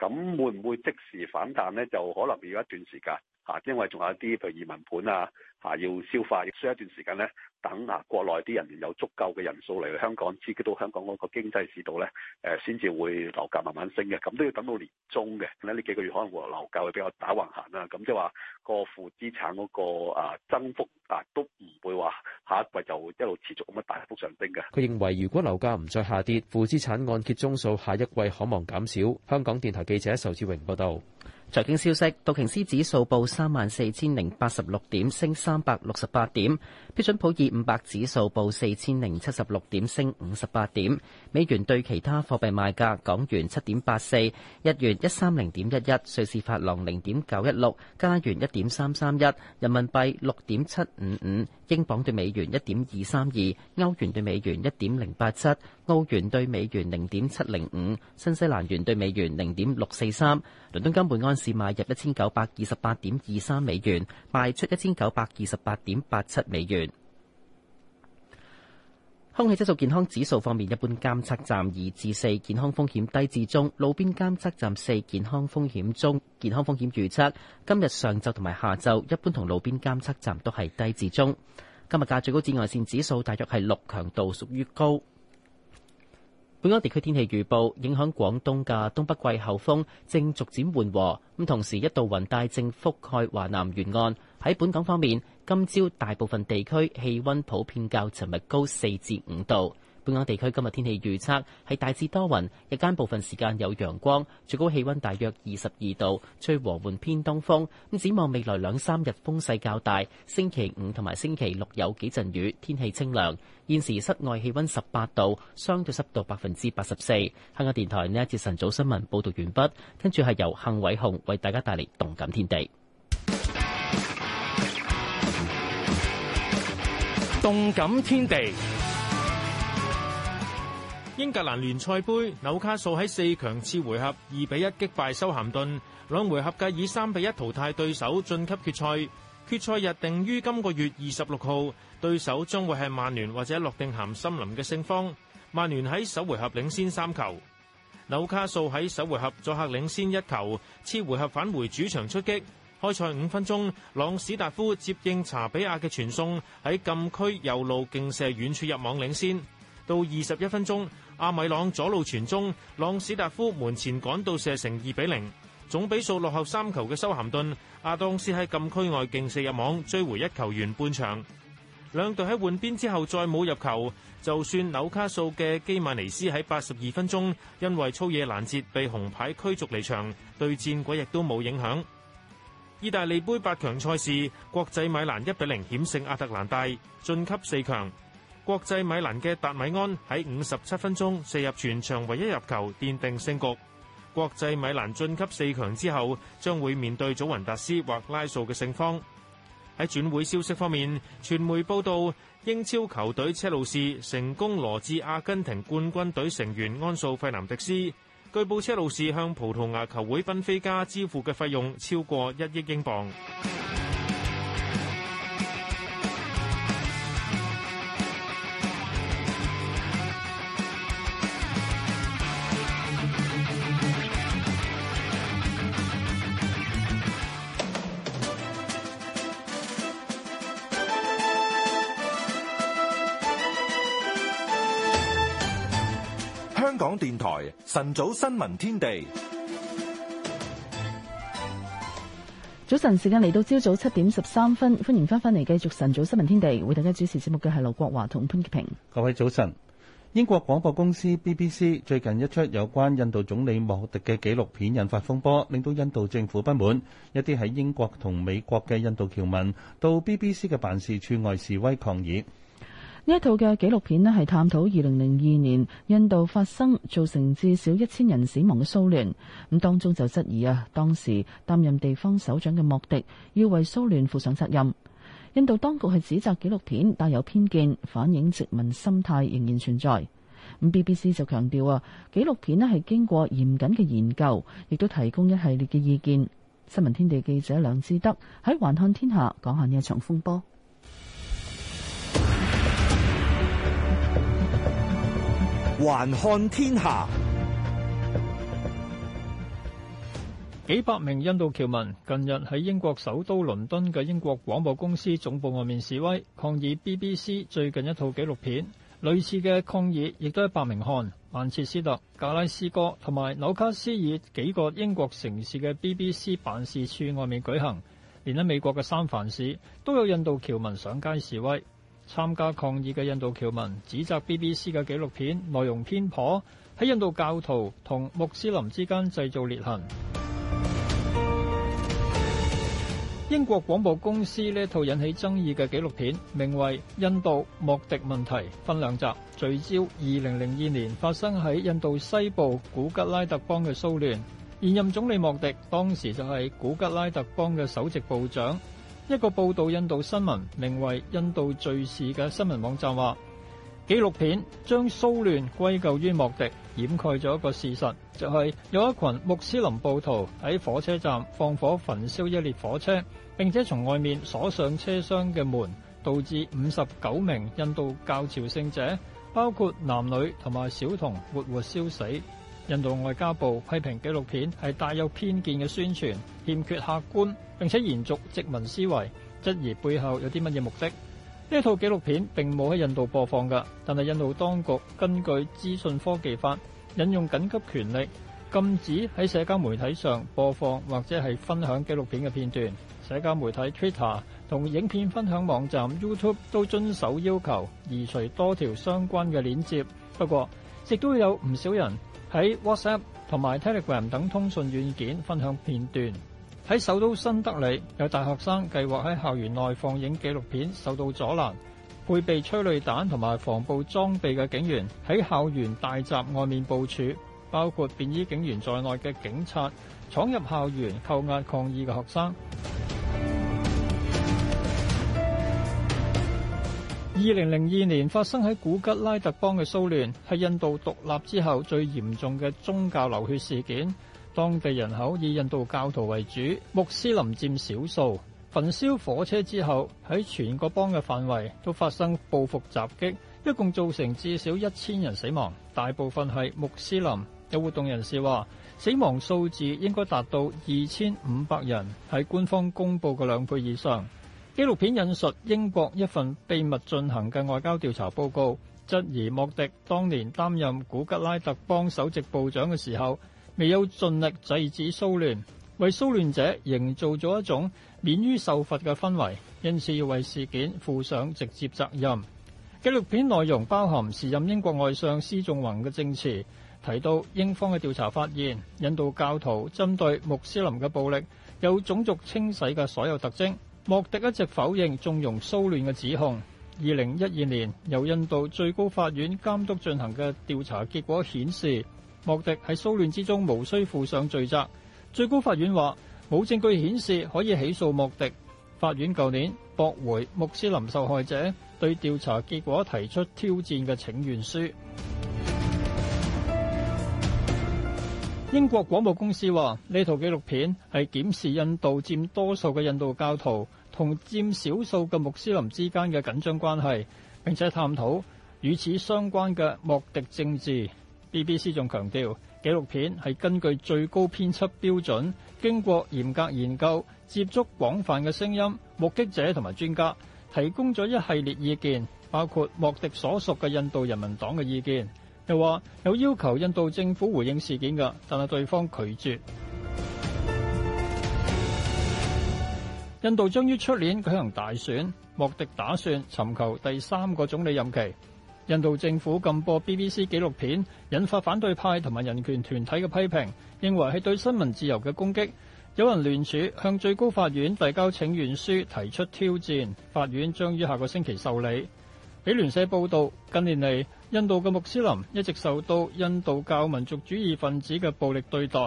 咁會唔會即時反彈咧？就可能要一段時間。啊，因為仲有一啲譬如移民盤啊，啊要消化，亦需要一段時間咧，等啊國內啲人員有足夠嘅人數嚟香港，刺激到香港嗰個經濟市道咧，誒先至會樓價慢慢升嘅。咁都要等到年中嘅，咁呢幾個月可能會樓價會比較打橫行啦。咁即係話個負資產嗰個啊增幅啊都唔會話下一季就一路持續咁樣大幅上升嘅。佢認為如果樓價唔再下跌，負資產按揭宗數下一季可望減少。香港電台記者仇志榮報導。財經消息，道瓊斯指數報三萬四千零八十六點，升三百六十八點。標準普爾五百指數報四千零七十六點，升五十八點。美元對其他貨幣賣價：港元七點八四，日元一三零點一一，瑞士法郎零點九一六，加元一點三三一，人民幣六點七五五，英鎊對美元一點二三二，歐元對美元一點零八七，澳元對美元零點七零五，新西蘭元對美元零點六四三。倫敦金本安士買入一千九百二十八點二三美元，賣出一千九百二十八點八七美元。空氣質素健康指數方面，一般監測站二至四，健康風險低至中；路邊監測站四，健康風險中。健康風險預測今日上晝同埋下晝，一般同路邊監測站都係低至中。今日價最高紫外線指數大約係六強度，屬於高。本港地區天氣預報，影響廣東嘅東北季候風正逐漸緩和，咁同時一道雲帶正覆蓋華南沿岸。喺本港方面，今朝大部分地區氣溫普遍較尋日高四至五度。本港地區今日天氣預測係大致多雲，日間部分時間有陽光，最高氣溫大約二十二度，吹和緩偏東風。咁展望未來兩三日風勢較大，星期五同埋星期六有幾陣雨，天氣清涼。現時室外氣溫十八度，相對濕度百分之八十四。香港電台呢一節晨早新聞報道完畢，跟住係由幸偉雄為大家帶嚟動感天地。動感天地。英格蘭聯賽盃紐卡素喺四強次回合二比一擊敗修咸頓，兩回合計以三比一淘汰對手晉級決賽。決賽日定於今個月二十六號，對手將會係曼聯或者諾定咸森林嘅勝方。曼聯喺首回合領先三球，紐卡素喺首回合作客領先一球，次回合返回主場出擊。開賽五分鐘，朗史達夫接應查比亞嘅傳送喺禁區右路勁射遠處入網領先。到二十一分鐘，阿米朗左路傳中，朗史達夫門前趕到射成二比零。總比數落後三球嘅修咸頓，阿當斯喺禁區外勁射入網追回一球，完半場。兩隊喺換邊之後再冇入球，就算紐卡素嘅基曼尼斯喺八十二分鐘因為粗野攔截被紅牌驅逐離場，對戰果亦都冇影響。意大利杯八強賽事，國際米蘭一比零險勝亞特蘭大，晉級四強。國際米蘭嘅達米安喺五十七分鐘射入全場唯一入球，奠定勝局。國際米蘭晉級四強之後，將會面對祖雲達斯或拉素嘅勝方。喺轉會消息方面，傳媒報道英超球隊車路士成功羅致阿根廷冠軍隊成員安素費南迪斯。據報車路士向葡萄牙球會賓菲加支付嘅費用超過一億英鎊。港電台晨早新聞天地，早晨時間嚟到朝早七點十三分，歡迎翻返嚟繼續晨早新聞天地，為大家主持節目嘅係劉國華同潘潔平。各位早晨，英國廣播公司 BBC 最近一出有關印度總理莫迪嘅紀錄片引發風波，令到印度政府不滿，一啲喺英國同美國嘅印度僑民到 BBC 嘅辦事處外示威抗議。呢一套嘅紀錄片咧，係探討2002年印度發生造成至少一千人死亡嘅騷亂，咁當中就質疑啊，當時擔任地方首長嘅莫迪要為騷亂負上責任。印度當局係指責紀錄片帶有偏見，反映殖民心態仍然存在。咁 BBC 就強調啊，紀錄片咧係經過嚴謹嘅研究，亦都提供一系列嘅意見。新聞天地記者梁志德喺《環看天下》講下呢一場風波。環看天下，幾百名印度僑民近日喺英國首都倫敦嘅英國廣播公司總部外面示威，抗議 BBC 最近一套紀錄片。類似嘅抗議亦都喺伯明翰、曼徹斯特、格拉斯哥同埋紐卡斯爾幾個英國城市嘅 BBC 辦事處外面舉行。連喺美國嘅三藩市都有印度僑民上街示威。參加抗議嘅印度僑民指責 BBC 嘅紀錄片內容偏頗，喺印度教徒同穆斯林之間製造裂痕。 英國廣播公司呢套引起爭議嘅紀錄片，名為《印度莫迪問題》，分兩集，聚焦二零零二年發生喺印度西部古吉拉特邦嘅騷亂。現任總理莫迪當時就係古吉拉特邦嘅首席部長。一個報道印度新聞名為《印度敘事》嘅新聞網站話，紀錄片將騷亂歸咎於莫迪，掩蓋咗一個事實，就係、是、有一群穆斯林暴徒喺火車站放火焚燒一列火車，並且從外面鎖上車廂嘅門，導致五十九名印度教朝聖者，包括男女同埋小童，活活燒死。印度外交部批評紀錄片係帶有偏見嘅宣傳，欠缺客觀，並且延續殖民思維，質疑背後有啲乜嘢目的。呢套紀錄片並冇喺印度播放嘅，但係印度當局根據資訊科技法引用緊急權力，禁止喺社交媒體上播放或者係分享紀錄片嘅片段。社交媒體 Twitter 同影片分享網站 YouTube 都遵守要求，移除多條相關嘅鏈接。不過，亦都有唔少人。喺 WhatsApp 同埋 Telegram 等通訊軟件分享片段。喺首都新德里，有大學生計劃喺校園內放映紀錄片，受到阻攔。配備催淚彈同埋防暴裝備嘅警員喺校園大閘外面部署，包括便衣警員在內嘅警察闖入校園扣押抗議嘅學生。二零零二年發生喺古吉拉特邦嘅騷亂，係印度獨立之後最嚴重嘅宗教流血事件。當地人口以印度教徒為主，穆斯林佔少數。焚燒火車之後，喺全個邦嘅範圍都發生報復襲擊，一共造成至少一千人死亡，大部分係穆斯林。有活動人士話，死亡數字應該達到二千五百人，喺官方公布嘅兩倍以上。紀錄片引述英國一份秘密進行嘅外交調查報告，質疑莫迪當年擔任古吉拉特邦首席部長嘅時候，未有盡力制止騷亂，為騷亂者營造咗一種免於受罰嘅氛圍，因此要為事件負上直接責任。紀錄片內容包含時任英國外相施仲宏嘅證詞，提到英方嘅調查發現，印度教徒針對穆斯林嘅暴力有種族清洗嘅所有特徵。莫迪一直否認縱容騷亂嘅指控。二零一二年由印度最高法院監督進行嘅調查結果顯示，莫迪喺騷亂之中無需負上罪責。最高法院話冇證據顯示可以起訴莫迪。法院舊年駁回穆斯林受害者對調查結果提出挑戰嘅請願書。英國廣播公司話，呢套紀錄片係檢視印度佔多數嘅印度教徒，同佔少數嘅穆斯林之間嘅緊張關係，並且探討與此相關嘅莫迪政治。BBC 仲強調紀錄片係根據最高編輯標準，經過嚴格研究，接觸廣泛嘅聲音、目擊者同埋專家，提供咗一系列意見，包括莫迪所屬嘅印度人民黨嘅意見。又話有要求印度政府回應事件嘅，但係對方拒絕。印度將於出年舉行大選，莫迪打算尋求第三個總理任期。印度政府禁播 BBC 紀錄片，引發反對派同埋人權團體嘅批評，認為係對新聞自由嘅攻擊，有人聯署向最高法院遞交請願書提出挑戰，法院將於下個星期受理。美聯社報道，近年嚟印度嘅穆斯林一直受到印度教民族主義分子嘅暴力對待。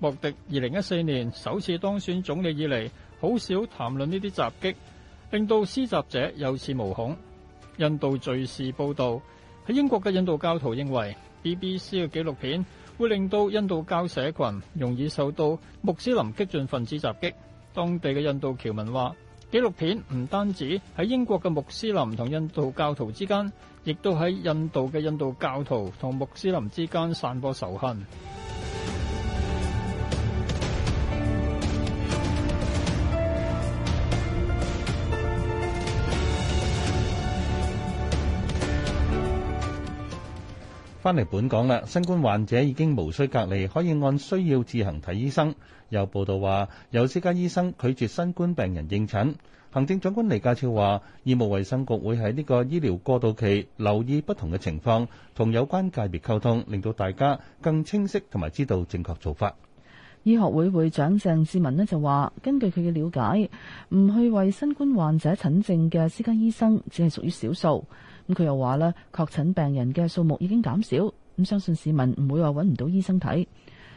莫迪二零一四年首次當選總理以嚟。好少談論呢啲襲擊，令到施襲者有恃無恐。印度敘事報道，喺英國嘅印度教徒認為 BBC 嘅紀錄片會令到印度教社群容易受到穆斯林激進分子襲擊。當地嘅印度僑民話，紀錄片唔單止喺英國嘅穆斯林同印度教徒之間，亦都喺印度嘅印度教徒同穆斯林之間散播仇恨。翻嚟本港啦，新冠患者已經無需隔離，可以按需要自行睇醫生。有報道話，有私家醫生拒絕新冠病人應診。行政長官李家超話，醫務衛生局會喺呢個醫療過渡期留意不同嘅情況，同有關界別溝通，令到大家更清晰同埋知道正確做法。醫學會會長鄭志文咧就話，根據佢嘅了解，唔去為新冠患者診症嘅私家醫生只屬於，只係屬於少數。咁佢又話啦，確診病人嘅數目已經減少，咁相信市民唔會話揾唔到醫生睇。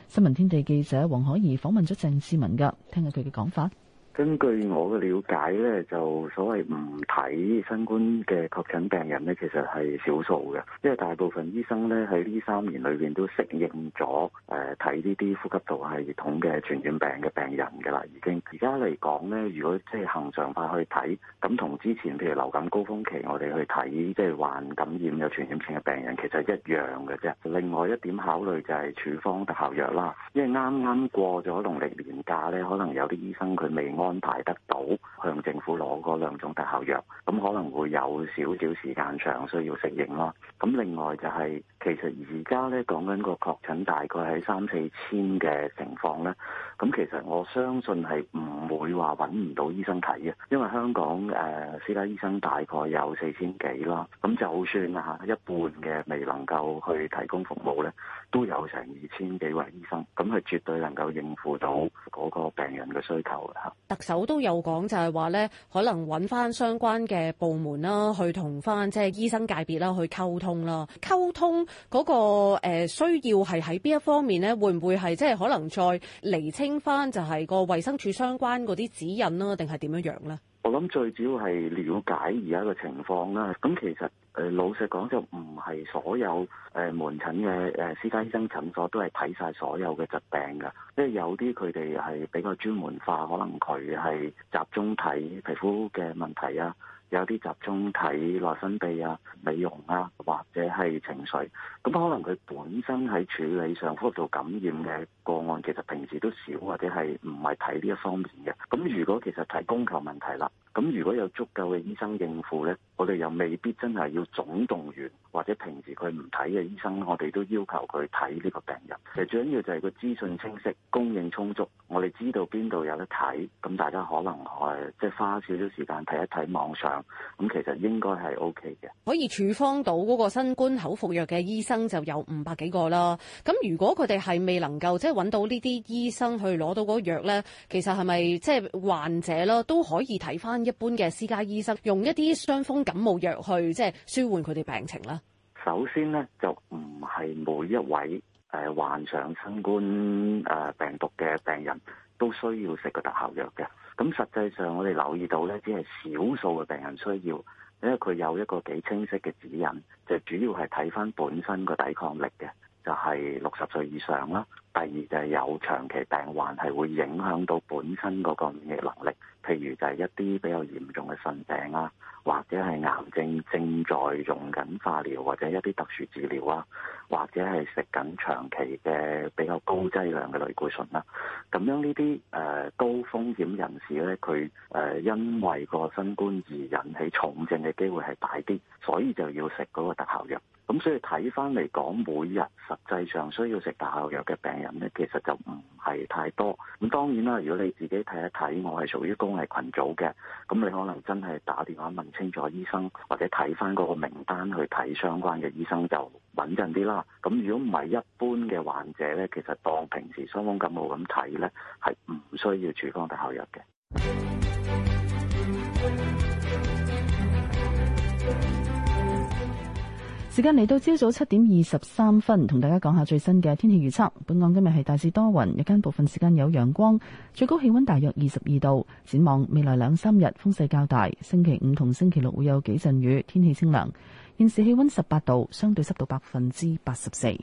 新聞天地記者黃可怡訪問咗鄭志文噶，聽下佢嘅講法。根據我嘅了解咧，就所謂唔睇新冠嘅確診病人咧，其實係少數嘅，因為大部分醫生咧喺呢三年裏邊都適應咗誒睇呢啲呼吸道系統嘅傳染病嘅病人㗎喇，已經而家嚟講咧，如果即係恒常化去睇，咁同之前譬如流感高峰期我哋去睇，即係患感染有傳染性嘅病人其實一樣嘅啫。另外一點考慮就係處方特效藥啦，因為啱啱過咗農曆年假咧，可能有啲醫生佢未安。安排得到向政府攞嗰兩種特效藥，咁可能會有少少時間上需要適應啦。咁另外就係、是、其實而家咧講緊個確診大概係三四千嘅情況咧，咁其實我相信係唔會話搵唔到醫生睇嘅，因為香港誒、呃、私家醫生大概有四千幾啦。咁就算啊吓一半嘅未能夠去提供服務咧，都有成二千幾位醫生，咁佢絕對能夠應付到嗰個病人嘅需求嚇。首都有講就係話咧，可能揾翻相關嘅部門啦，去同翻即係醫生界別啦去溝通啦。溝通嗰、那個、呃、需要係喺邊一方面咧，會唔會係即係可能再釐清翻就係個衛生署相關嗰啲指引啦，定係點樣樣咧？我諗最主要係了解而家個情況啦。咁其實誒老實講，就唔係所有誒門診嘅誒私家醫生診所都係睇晒所有嘅疾病噶即係有啲佢哋係比較專門化，可能佢係集中睇皮膚嘅問題啊。有啲集中睇內分泌啊、美容啊，或者係情緒，咁可能佢本身喺處理上呼吸道感染嘅個案，其實平時都少，或者係唔係睇呢一方面嘅。咁如果其實睇供求問題啦，咁如果有足夠嘅醫生應付咧？我哋又未必真係要總動員，或者平時佢唔睇嘅醫生，我哋都要求佢睇呢個病人。其實最緊要就係個資訊清晰，供應充足。我哋知道邊度有得睇，咁大家可能誒即係花少少時間睇一睇網上，咁其實應該係 OK 嘅。可以處方到嗰個新冠口服藥嘅醫生就有五百幾個啦。咁如果佢哋係未能夠即係揾到呢啲醫生去攞到嗰個藥咧，其實係咪即係患者啦，都可以睇翻一般嘅私家醫生，用一啲傷風。感冒藥去即係、就是、舒緩佢哋病情啦。首先咧就唔係每一位誒患上新冠誒病毒嘅病人都需要食個特效藥嘅。咁實際上我哋留意到咧，只係少數嘅病人需要，因為佢有一個幾清晰嘅指引，就主要係睇返本身個抵抗力嘅。就係六十歲以上啦，第二就係有長期病患係會影響到本身嗰個免疫能力，譬如就係一啲比較嚴重嘅腎病啊，或者係癌症正在用緊化療或者一啲特殊治療啊，或者係食緊長期嘅比較高劑量嘅類固醇啦，咁樣呢啲誒高風險人士咧，佢誒、呃、因為個新冠而引起重症嘅機會係大啲，所以就要食嗰個特效藥。咁、嗯、所以睇翻嚟講，每日實際上需要食特效藥嘅病人咧，其實就唔係太多。咁、嗯、當然啦，如果你自己睇一睇，我係屬於高危群組嘅，咁你可能真係打電話問清楚醫生，或者睇翻嗰個名單去睇相關嘅醫生就穩陣啲啦。咁、嗯、如果唔係一般嘅患者咧，其實當平時傷風感冒咁睇咧，係唔需要處方特效藥嘅。 時間嚟到朝早七點二十三分，同大家講下最新嘅天氣預測。本港今日係大致多雲，日間部分時間有陽光，最高氣溫大約二十二度。展望未來兩三日風勢較大，星期五同星期六會有幾陣雨，天氣清涼。現時氣溫十八度，相對濕度百分之八十四。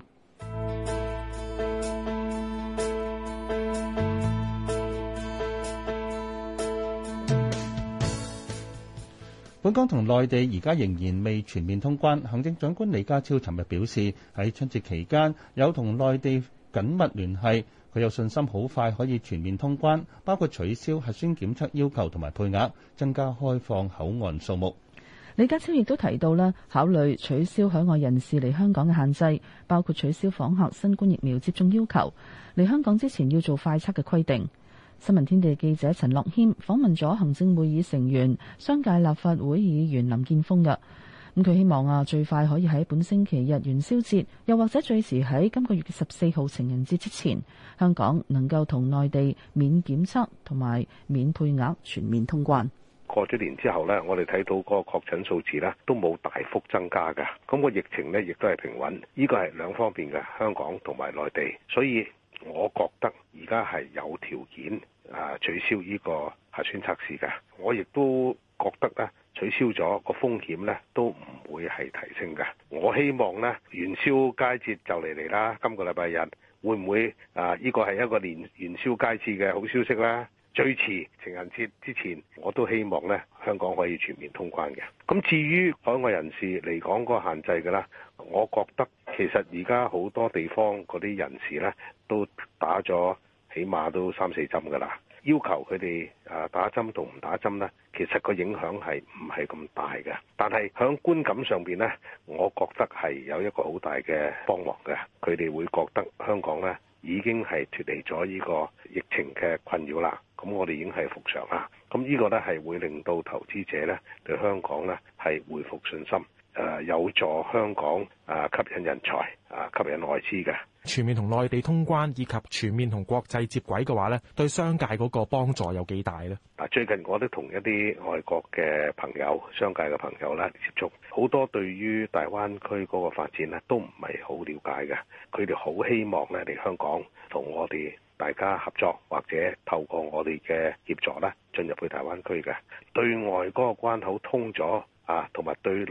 本港同內地而家仍然未全面通關，行政長官李家超尋日表示，喺春節期間有同內地緊密聯繫，佢有信心好快可以全面通關，包括取消核酸檢測要求同埋配額，增加開放口岸數目。李家超亦都提到啦，考慮取消海外人士嚟香港嘅限制，包括取消訪客新冠疫苗接種要求，嚟香港之前要做快測嘅規定。新聞天地記者陳樂謙訪問咗行政會議成員、商界立法會議員林建峰嘅，咁佢希望啊，最快可以喺本星期日元宵節，又或者最遲喺今個月十四號情人節之前，香港能夠同內地免檢測同埋免配額全面通關。過咗年之後呢，我哋睇到嗰個確診數字呢都冇大幅增加嘅，咁個疫情呢亦都係平穩，呢個係兩方面嘅香港同埋內地，所以我覺得而家係有條件。啊！取消呢個核酸測試㗎，我亦都覺得咧取消咗個風險咧都唔會係提升㗎。我希望咧元宵佳節就嚟嚟啦，今個禮拜日會唔會啊？呢個係一個年元宵佳節嘅好消息啦。最遲情人節之前，我都希望咧香港可以全面通關嘅。咁至於海外人士嚟講嗰個限制㗎啦，我覺得其實而家好多地方嗰啲人士咧都打咗。起碼都三四針噶啦，要求佢哋啊打針同唔打針呢，其實個影響係唔係咁大嘅，但係響觀感上邊呢，我覺得係有一個好大嘅幫忙嘅，佢哋會覺得香港呢已經係脫離咗呢個疫情嘅困擾啦，咁我哋已經係復常啦，咁呢個呢係會令到投資者呢對香港呢係回復信心。誒、啊、有助香港誒、啊、吸引人才誒、啊、吸引外資嘅全面同內地通關以及全面同國際接軌嘅話咧，對商界嗰個幫助有幾大咧？嗱、啊，最近我都同一啲外國嘅朋友、商界嘅朋友咧接觸，好多對於大灣區嗰個發展咧都唔係好了解嘅，佢哋好希望咧嚟香港同我哋大家合作，或者透過我哋嘅協助咧進入去大灣區嘅對外嗰個關口通咗。啊，同埋對內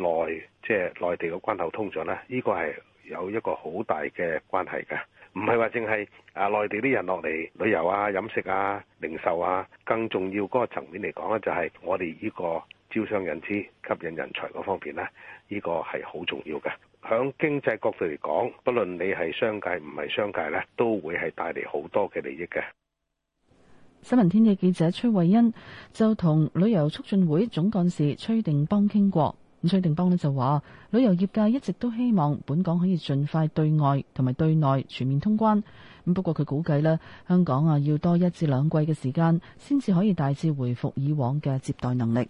即係、就是、內地嘅關口通脹咧，依、呢個係有一個好大嘅關係嘅，唔係話淨係啊內地啲人落嚟旅遊啊、飲食啊、零售啊，更重要嗰個層面嚟講咧，就係我哋呢個招商引資、吸引人才嗰方面咧，依、呢個係好重要嘅。響經濟角度嚟講，不論你係商界唔係商界咧，都會係帶嚟好多嘅利益嘅。新聞天地記者崔慧欣就同旅遊促進會總幹事崔定邦傾過，崔定邦呢就話，旅遊業界一直都希望本港可以盡快對外同埋對內全面通關，不過佢估計呢，香港啊要多一至兩季嘅時間，先至可以大致回復以往嘅接待能力。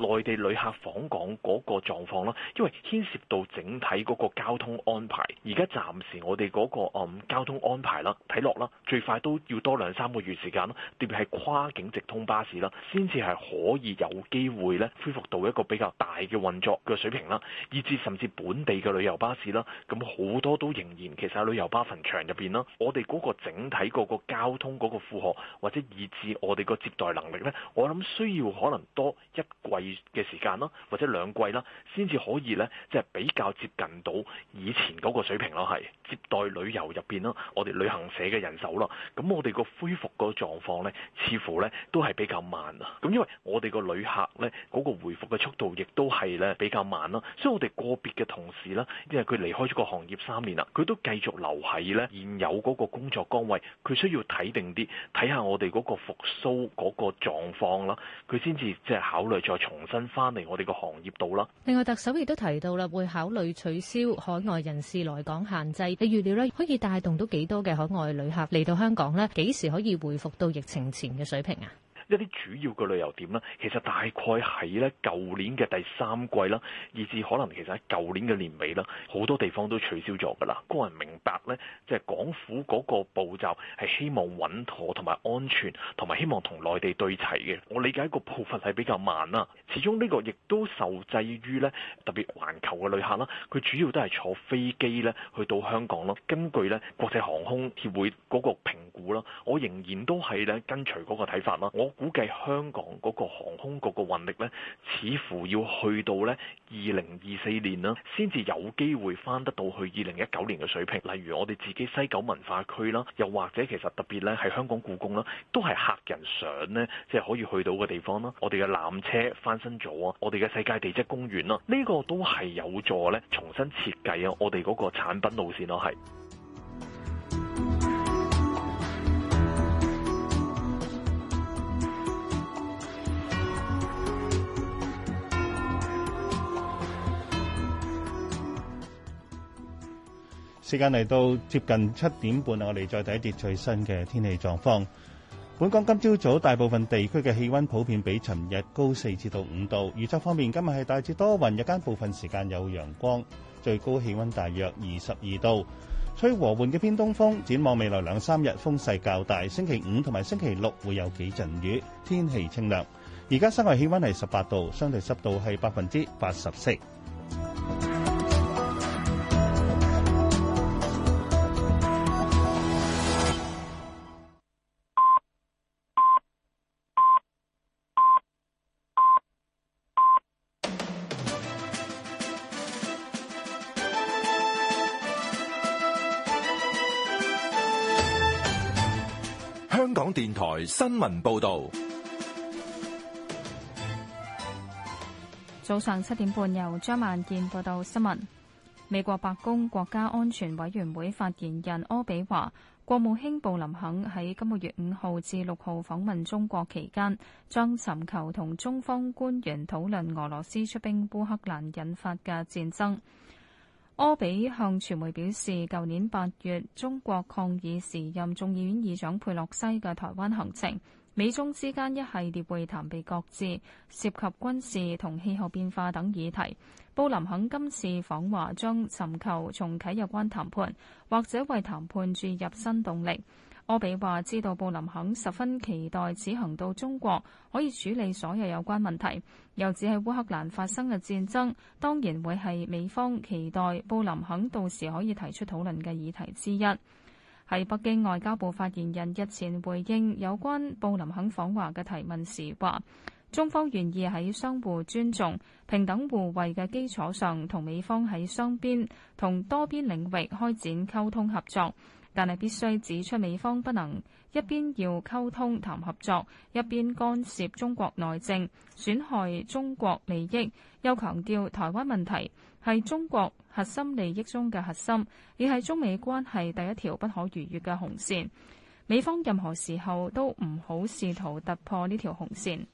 內地旅客訪港嗰個狀況啦，因為牽涉到整體嗰個交通安排。而家暫時我哋嗰個、嗯、交通安排啦，睇落啦，最快都要多兩三個月時間啦，特別係跨境直通巴士啦，先至係可以有機會咧，恢復到一個比較大嘅運作嘅水平啦。以至甚至本地嘅旅遊巴士啦，咁好多都仍然其實喺旅遊巴墳場入邊啦，我哋嗰個整體嗰個交通嗰個負荷，或者以至我哋個接待能力呢，我諗需要可能多一季嘅時間啦，或者兩季啦，先至可以咧，即係比較接近到以前嗰個水平咯，係接待旅遊入邊啦，我哋旅行社嘅人手啦，咁我哋個恢復個狀況咧，似乎咧都係比較慢啊。咁因為我哋個旅客咧嗰個回復嘅速度亦都係咧比較慢啦，所以我哋個別嘅同事咧，因為佢離開咗個行業三年啦，佢都繼續留喺咧現有嗰個工作崗位，佢需要睇定啲，睇下我哋嗰個復甦嗰個狀況啦，佢先至即係考慮再。重新翻嚟我哋個行業度啦。另外特首亦都提到啦，會考慮取消海外人士來港限制。你預料咧，可以帶動到幾多嘅海外旅客嚟到香港咧？幾時可以恢復到疫情前嘅水平啊？一啲主要嘅旅遊點呢，其實大概喺咧舊年嘅第三季啦，以至可能其實喺舊年嘅年尾啦，好多地方都取消咗㗎啦。個人明白呢，即係港府嗰個步驟係希望穩妥同埋安全，同埋希望同內地對齊嘅。我理解個步伐係比較慢啦。始終呢個亦都受制於呢特別環球嘅旅客啦，佢主要都係坐飛機呢去到香港咯。根據呢國際航空協會嗰個評估啦，我仍然都係咧跟隨嗰個睇法啦。我估計香港嗰個航空局嘅運力呢，似乎要去到呢二零二四年啦，先至有機會翻得到去二零一九年嘅水平。例如我哋自己西九文化區啦，又或者其實特別呢係香港故宮啦，都係客人上呢，即係可以去到嘅地方啦。我哋嘅纜車翻新咗啊，我哋嘅世界地質公園啦，呢個都係有助呢重新設計啊，我哋嗰個產品路線咯係。時間嚟到接近七點半，我哋再睇一啲最新嘅天氣狀況。本港今朝早，早大部分地區嘅氣溫普遍比尋日高四至到五度。預測方面，今日係大致多雲，日間部分時間有陽光，最高氣溫大約二十二度，吹和緩嘅偏東風。展望未來兩三日風勢較大，星期五同埋星期六會有幾陣雨，天氣清涼。而家室外氣溫係十八度，相對濕度係百分之八十四。台新聞報道，早上七點半由張萬健報道新聞。美國白宮國家安全委員會發言人柯比話，國務卿布林肯喺今個月五號至六號訪問中國期間，將尋求同中方官員討論俄羅斯出兵烏克蘭引發嘅戰爭。柯比向傳媒表示，舊年八月中國抗議時任眾議院議長佩洛西嘅台灣行程，美中之間一系列會談被擱置，涉及軍事同氣候變化等議題。布林肯今次訪華將尋求重啟有關談判，或者為談判注入新動力。柯比話，知道布林肯十分期待此行到中國，可以處理所有有關問題。又指喺烏克蘭發生嘅戰爭，當然會係美方期待布林肯到時可以提出討論嘅議題之一。喺北京外交部發言人日前回應有關布林肯訪華嘅提問時話，中方願意喺相互尊重、平等互惠嘅基礎上，同美方喺雙邊同多邊領域開展溝通合作。但係必須指出，美方不能一邊要溝通談合作，一邊干涉中國內政，損害中國利益。又強調台灣問題係中國核心利益中嘅核心，亦係中美關係第一條不可逾越嘅紅線。美方任何時候都唔好試圖突破呢條紅線。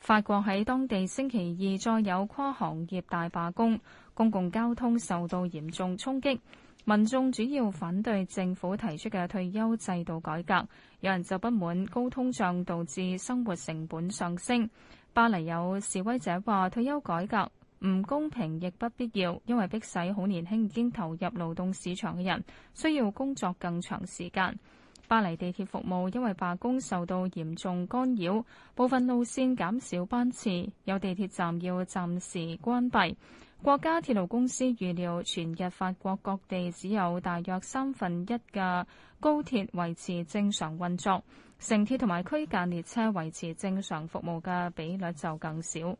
法國喺當地星期二再有跨行業大罷工，公共交通受到嚴重衝擊。民眾主要反對政府提出嘅退休制度改革，有人就不滿高通脹導致生活成本上升。巴黎有示威者話：退休改革唔公平，亦不必要，因為迫使好年輕已經投入勞動市場嘅人需要工作更長時間。巴黎地鐵服務因為罷工受到嚴重干擾，部分路線減少班次，有地鐵站要暫時關閉。國家鐵路公司預料，全日法國各地只有大約三分一嘅高鐵維持正常運作，城鐵同埋區間列車維持正常服務嘅比率就更少。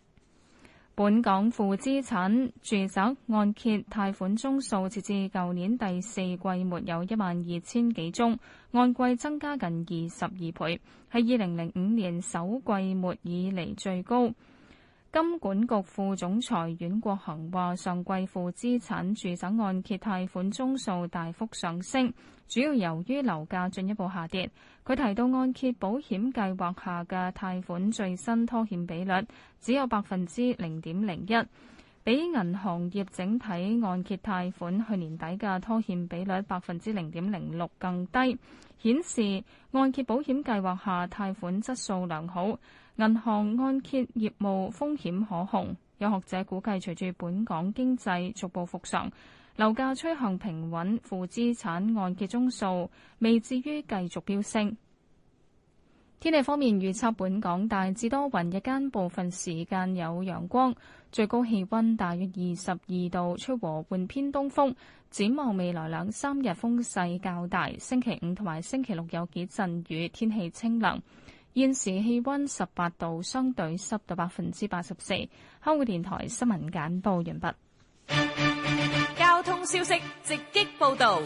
本港負資產住宅按揭貸款宗數，截至舊年第四季末有一萬二千幾宗，按季增加近二十二倍，係二零零五年首季末以嚟最高。金管局副總裁阮國恒話：上季負資產住宅按揭貸款宗數大幅上升，主要由於樓價進一步下跌。佢提到，按揭保險計劃下嘅貸款最新拖欠比率只有百分之零點零一，比銀行業整體按揭貸款去年底嘅拖欠比率百分之零點零六更低，顯示按揭保險計劃下貸款質素良好。銀行按揭業務風險可控，有學者估計，隨住本港經濟逐步復常，樓價趨向平穩，負資產按揭宗數未至於繼續飆升。天氣方面，預測本港大致多雲，日間部分時間有陽光，最高氣溫大約二十二度，吹和緩偏東風。展望未來兩三日風勢較大，星期五同埋星期六有幾陣雨，天氣清涼。現時氣温十八度，相對濕度百分之八十四。香港電台新聞簡報完畢。交通消息直擊報道。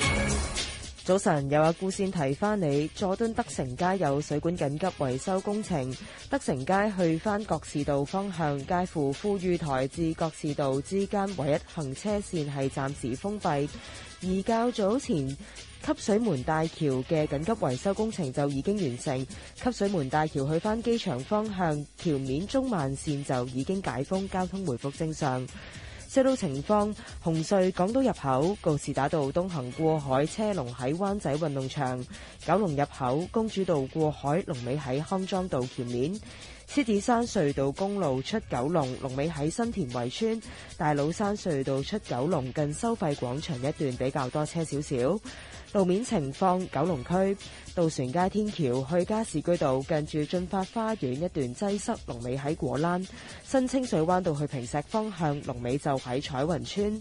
早晨，有阿顧先提翻你，佐敦德成街有水管緊急維修工程，德成街去翻各士道方向，介乎富裕台至各士道之間唯一行車線係暫時封閉。而較早前。汲水門大橋嘅緊急維修工程就已經完成。汲水門大橋去返機場方向，橋面中慢線就已經解封，交通回復正常。細路情況，紅隧港島入口告士打道東行過海車龍喺灣仔運動場；九龍入口公主道過海龍尾喺康莊道橋面；獅子山隧道公路出九龍龍尾喺新田圍村；大老山隧道出九龍近收費廣場一段比較多車少少。路面情況，九龍區渡船街天橋去加士居道近住駿發花園一段擠塞，龍尾喺果欄；新清水灣道去坪石方向，龍尾就喺彩雲村。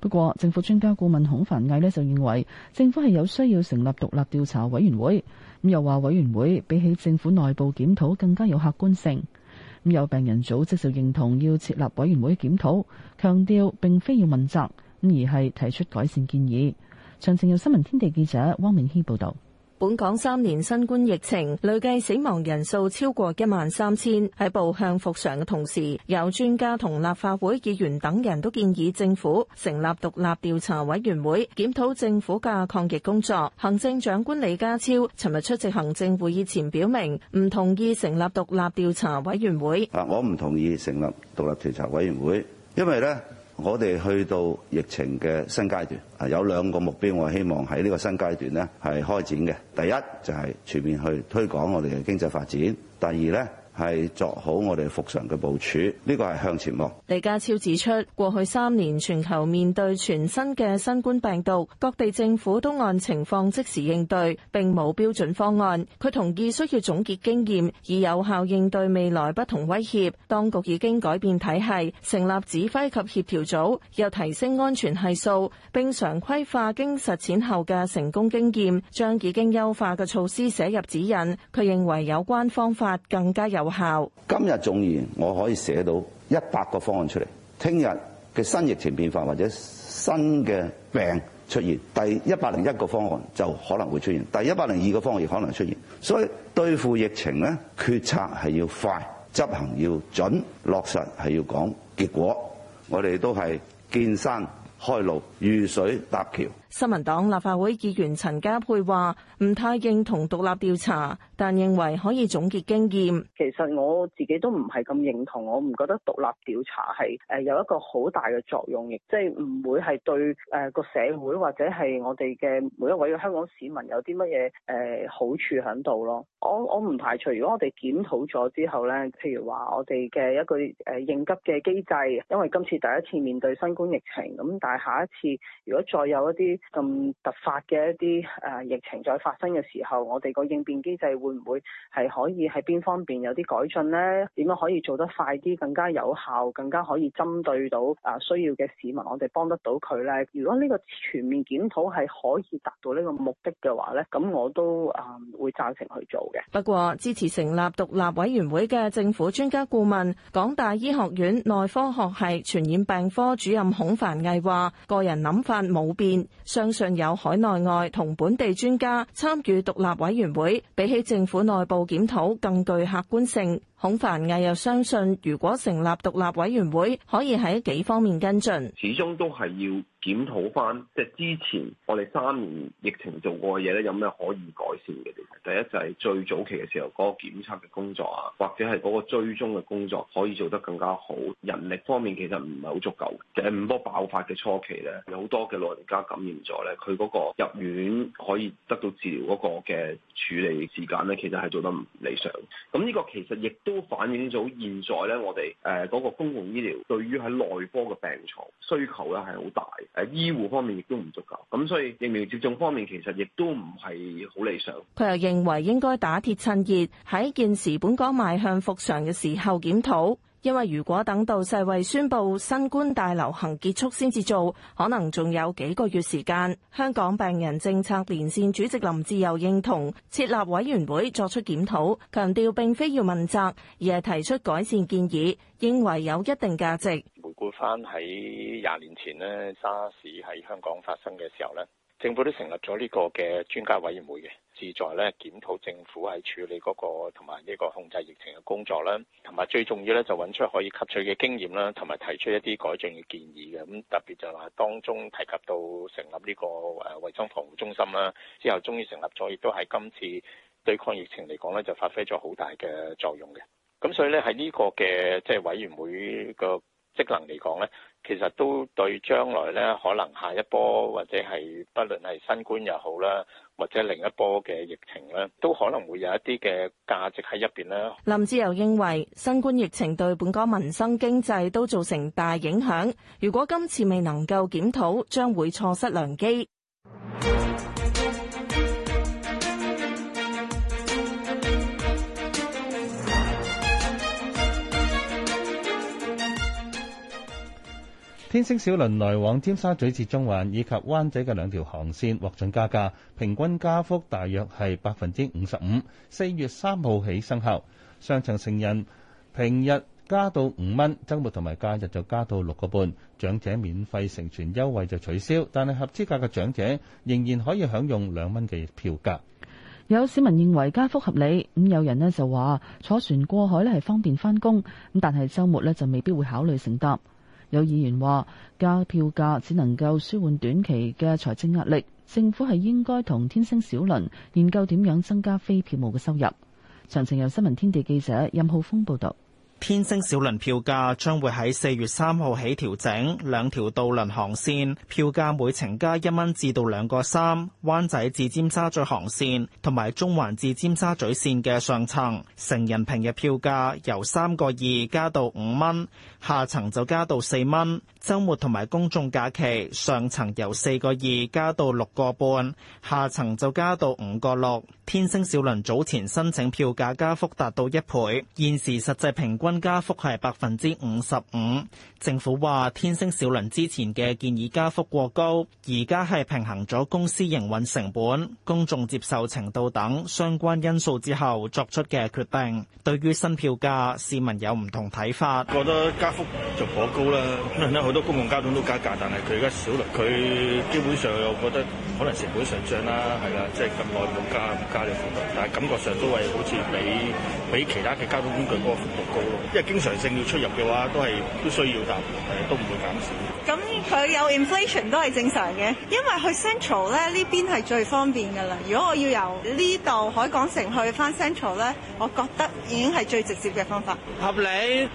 不過，政府專家顧問孔凡毅呢就認為，政府係有需要成立獨立調查委員會，咁又話委員會比起政府內部檢討更加有客觀性。咁有病人組織就認同要設立委員會檢討，強調並非要問責，而係提出改善建議。詳情由新聞天地記者汪明希報導。本港三年新冠疫情累計死亡人數超過一萬三千，喺步向復常嘅同時，有專家同立法會議員等人都建議政府成立獨立調查委員會，檢討政府嘅抗疫工作。行政長官李家超尋日出席行政會議前表明，唔同意成立獨立調查委員會。啊，我唔同意成立獨立調查委員會，因為咧。我哋去到疫情嘅新階段，有兩個目標。我希望喺呢個新階段咧係開展嘅。第一就係全面去推廣我哋嘅經濟發展。第二咧。係作好我哋復常嘅部署，呢個係向前望。李家超指出，過去三年全球面對全新嘅新冠病毒，各地政府都按情況即時應對，並冇標準方案。佢同意需要總結經驗，以有效應對未來不同威脅，當局已經改變體系，成立指揮及協調組，又提升安全係數，並常規化經實踐後嘅成功經驗，將已經優化嘅措施寫入指引。佢認為有關方法更加有有效。今日縱然我可以寫到一百個方案出嚟，聽日嘅新疫情變化或者新嘅病出現，第一百零一個方案就可能會出現，第一百零二個方案亦可能出現。所以對付疫情咧，決策係要快，執行要準，落實係要講結果。我哋都係見山開路，遇水搭橋。新民黨立法會議員陳家佩話：唔太認同獨立調查，但認為可以總結經驗。其實我自己都唔係咁認同，我唔覺得獨立調查係誒有一個好大嘅作用，亦即係唔會係對誒個社會或者係我哋嘅每一位嘅香港市民有啲乜嘢誒好處喺度咯。我我唔排除，如果我哋檢討咗之後咧，譬如話我哋嘅一個誒應急嘅機制，因為今次第一次面對新冠疫情咁，但係下一次如果再有一啲。咁突發嘅一啲誒疫情再發生嘅時候，我哋個應變機制會唔會係可以喺邊方面有啲改進呢？點樣可以做得快啲、更加有效、更加可以針對到啊需要嘅市民，我哋幫得到佢呢。如果呢個全面檢討係可以達到呢個目的嘅話呢，咁我都啊會贊成去做嘅。不過，支持成立獨立委員會嘅政府專家顧問，港大醫學院內科學系傳染病科主任孔凡毅話：個人諗法冇變。相信有海內外同本地專家參與獨立委員會，比起政府內部檢討更具客觀性。孔凡毅又相信，如果成立獨立委員會，可以喺幾方面跟進，始終都係要檢討翻，即係之前我哋三年疫情做過嘅嘢咧，有咩可以改善嘅？其實第一就係最早期嘅時候，嗰個檢測嘅工作啊，或者係嗰個追蹤嘅工作，可以做得更加好。人力方面其實唔係好足夠。第五波爆發嘅初期咧，有好多嘅老人家感染咗咧，佢嗰個入院可以得到治療嗰個嘅處理時間咧，其實係做得唔理想。咁呢個其實亦都反映咗現在咧，我哋誒嗰個公共醫療對於喺內科嘅病床需求咧係好大，誒、呃、醫護方面亦都唔足夠，咁所以疫苗接種方面其實亦都唔係好理想。佢又認為應該打鐵趁熱，喺現時本港邁向復常嘅時候檢討。因為如果等到世衛宣佈新冠大流行結束先至做，可能仲有幾個月時間。香港病人政策連線主席林志釉認同設立委員會作出檢討，強調並非要問責，而係提出改善建議，認為有一定價值。回顧翻喺廿年前咧，沙士喺香港發生嘅時候咧。政府都成立咗呢個嘅專家委員會嘅，旨在咧檢討政府喺處理嗰個同埋呢個控制疫情嘅工作啦，同埋最重要咧就揾出可以吸取嘅經驗啦，同埋提出一啲改進嘅建議嘅。咁特別就係話當中提及到成立呢個誒衞生防護中心啦，之後終於成立咗，亦都係今次對抗疫情嚟講咧就發揮咗好大嘅作用嘅。咁所以咧喺呢個嘅即係委員會個職能嚟講咧。其實都對將來咧，可能下一波或者係不論係新冠又好啦，或者，或者另一波嘅疫情啦，都可能會有一啲嘅價值喺入邊啦。林志友認為，新冠疫情對本港民生經濟都造成大影響，如果今次未能夠檢討，將會錯失良機。天星小輪來往尖沙咀至中環以及灣仔嘅兩條航線獲准加價，平均加幅大約係百分之五十五。四月三號起生效，上層成人平日加到五蚊，周末同埋假日就加到六個半。長者免費乘船優惠就取消，但係合資格嘅長者仍然可以享用兩蚊嘅票價。有市民認為加幅合理，咁有人呢就話坐船過海呢係方便返工，咁但係周末呢就未必會考慮乘搭。有議員話：加票價只能夠舒緩短期嘅財政壓力，政府係應該同天星小輪研究點樣增加非票務嘅收入。長情由新聞天地記者任浩峰報導。天星小輪票價將會喺四月三號起調整，兩條渡輪航線票價每程加一蚊至到兩個三，灣仔至尖沙咀航線同埋中環至尖沙咀線嘅上層，成人平日票價由三個二加到五蚊，下層就加到四蚊。周末同埋公眾假期上層由四個二加到六個半，下層就加到五個六。天星小輪早前申請票價加幅達到一倍，現時實際平均加幅係百分之五十五。政府話天星小輪之前嘅建議加幅過高，而家係平衡咗公司營運成本、公眾接受程度等相關因素之後作出嘅決定。對於新票價，市民有唔同睇法，覺得加幅就頗高啦。公共交通都加價，但係佢而家少啦，佢基本上我覺得可能成本上漲啦，係啦，即係咁耐冇加唔加你幅度，但係感覺上都係好似比比其他嘅交通工具嗰個幅度高咯，因為經常性要出入嘅話，都係都需要搭，誒都唔會減少。咁佢有 inflation 都係正常嘅，因為去 Central 咧呢邊係最方便㗎啦。如果我要由呢度海港城去翻 Central 咧，我覺得已經係最直接嘅方法。合理，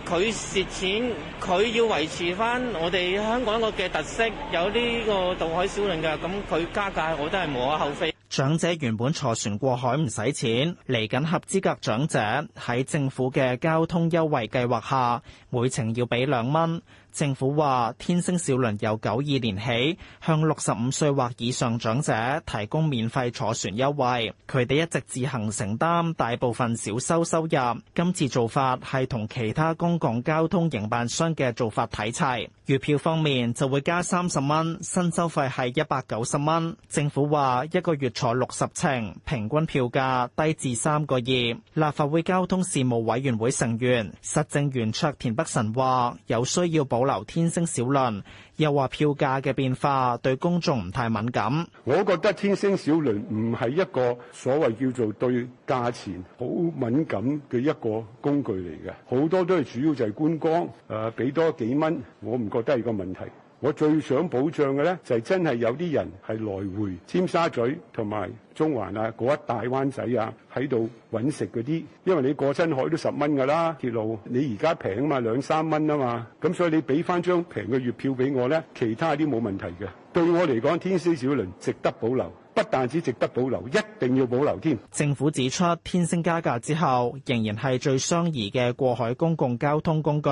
佢蝕錢，佢要維持翻我。我哋香港一個嘅特色有呢個渡海小輪㗎，咁佢加價我都係無可厚非。長者原本坐船過海唔使錢，嚟緊合資格長者喺政府嘅交通優惠計劃下，每程要俾兩蚊。政府話：天星小輪由九二年起向六十五歲或以上長者提供免費坐船優惠。佢哋一直自行承擔大部分小收收入。今次做法係同其他公共交通營辦商嘅做法睇齊。月票方面就會加三十蚊，新收費係一百九十蚊。政府話一個月坐六十程，平均票價低至三個二。立法會交通事務委員會成員、實政圓桌田北辰話：有需要補。保留天星小輪，又話票價嘅變化對公眾唔太敏感。我覺得天星小輪唔係一個所謂叫做對價錢好敏感嘅一個工具嚟嘅，好多都係主要就係觀光，誒、啊，俾多幾蚊，我唔覺得係個問題。我最想保障嘅呢，就係、是、真係有啲人係來回尖沙咀同埋中環啊，嗰一大灣仔啊，喺度揾食嗰啲，因為你過親海都十蚊㗎啦，鐵路你而家平啊嘛，兩三蚊啊嘛，咁所以你俾返張平嘅月票俾我呢，其他啲冇問題嘅，對我嚟講，天星小輪值得保留。不但只值得保留，一定要保留添。政府指出，天星加價之後，仍然係最相宜嘅過海公共交通工具，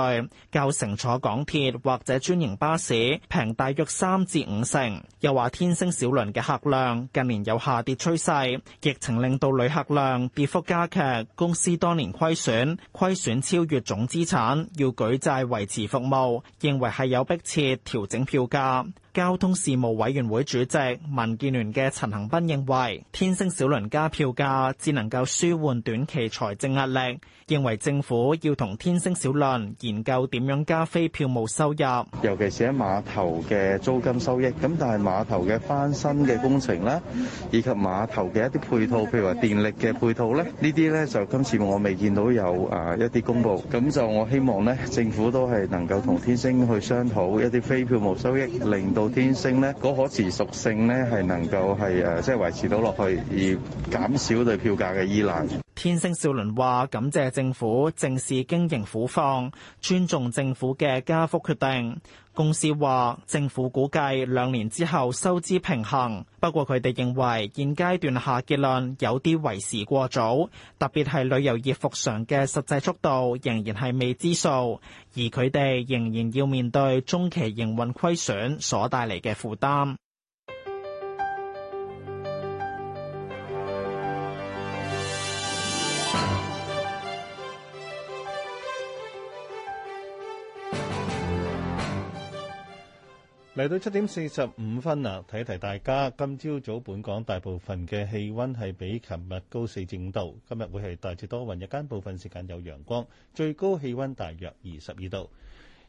較乘坐港鐵或者專營巴士平大約三至五成。又話天星小輪嘅客量近年有下跌趨勢，疫情令到旅客量跌幅加劇，公司多年虧損，虧損超越總資產，要舉債維持服務，認為係有迫切調整票價。交通事務委員會主席民建聯嘅陳恒鑌認為，天星小輪加票價只能夠舒緩短期財政壓力。認為政府要同天星小輪研究點樣加非票務收入，尤其是喺碼頭嘅租金收益。咁但係碼頭嘅翻新嘅工程啦，以及碼頭嘅一啲配套，譬如話電力嘅配套咧，呢啲咧就今次我未見到有啊一啲公布。咁就我希望咧，政府都係能夠同天星去商討一啲非票務收益，令到天星咧嗰可持續性咧係能夠係誒即係維持到落去，而減少對票價嘅依賴。天星小輪話感謝政府正視經營苦況，尊重政府嘅加幅決定。公司話政府估計兩年之後收支平衡，不過佢哋認為現階段下結論有啲為時過早，特別係旅遊業復常嘅實際速度仍然係未知數，而佢哋仍然要面對中期營運虧損所帶嚟嘅負擔。嚟到七點四十五分啦，提提大家，今朝早本港大部分嘅氣溫係比琴日高四至五度，今日會係大致多雲，日間部分時間有陽光，最高氣溫大約二十二度。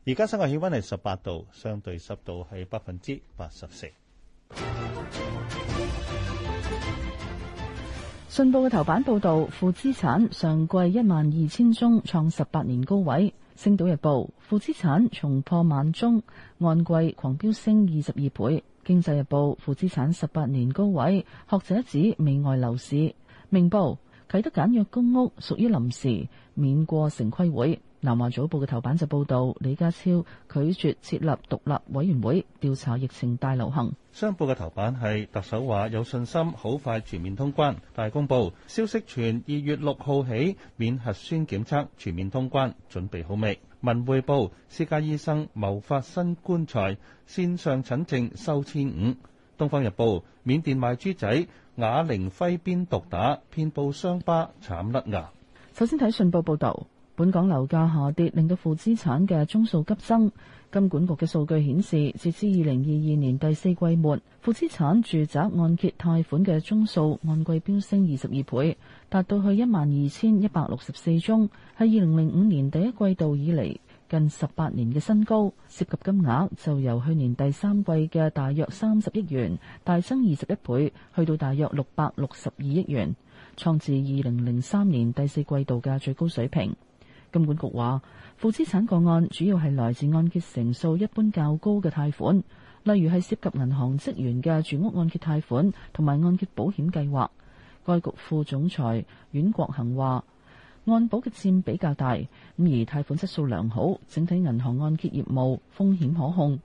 而家室外氣溫係十八度，相對濕度係百分之八十四。信報嘅頭版報道，負資產上季一萬二千宗，創十八年高位。星島日報，負資產重破萬宗，按季狂飆升二十二倍。經濟日報，負資產十八年高位，學者指未外樓市。明報啟德簡約公屋屬於臨時，免過城規會。南華早報嘅頭版就報道李家超拒絕設立獨立委員會調查疫情大流行。商報嘅頭版係特首話有信心好快全面通關。大公報消息傳二月六號起免核酸檢測全面通關，準備好未？文匯報私家醫生謀發新冠財，綫上診症收千五。東方日報緬甸賣豬仔，啞鈴揮鞭毒打，遍佈傷疤慘甩牙。首先睇信報報道。本港樓價下跌，令到負資產嘅宗數急增。金管局嘅數據顯示，截至二零二二年第四季末，負資產住宅按揭貸款嘅宗數按季飆升二十二倍，達到去一萬二千一百六十四宗，係二零零五年第一季度以嚟，近十八年嘅新高。涉及金額就由去年第三季嘅大約三十億元大增二十一倍，去到大約六百六十二億元，創自二零零三年第四季度嘅最高水平。金管局話負資產個案主要係來自按揭成數一般較高嘅貸款，例如係涉及銀行職員嘅住屋按揭貸款同埋按揭保險計劃。該局副總裁阮國恒話，按保嘅佔比較大，咁而貸款質素良好，整體銀行按揭業務風險可控。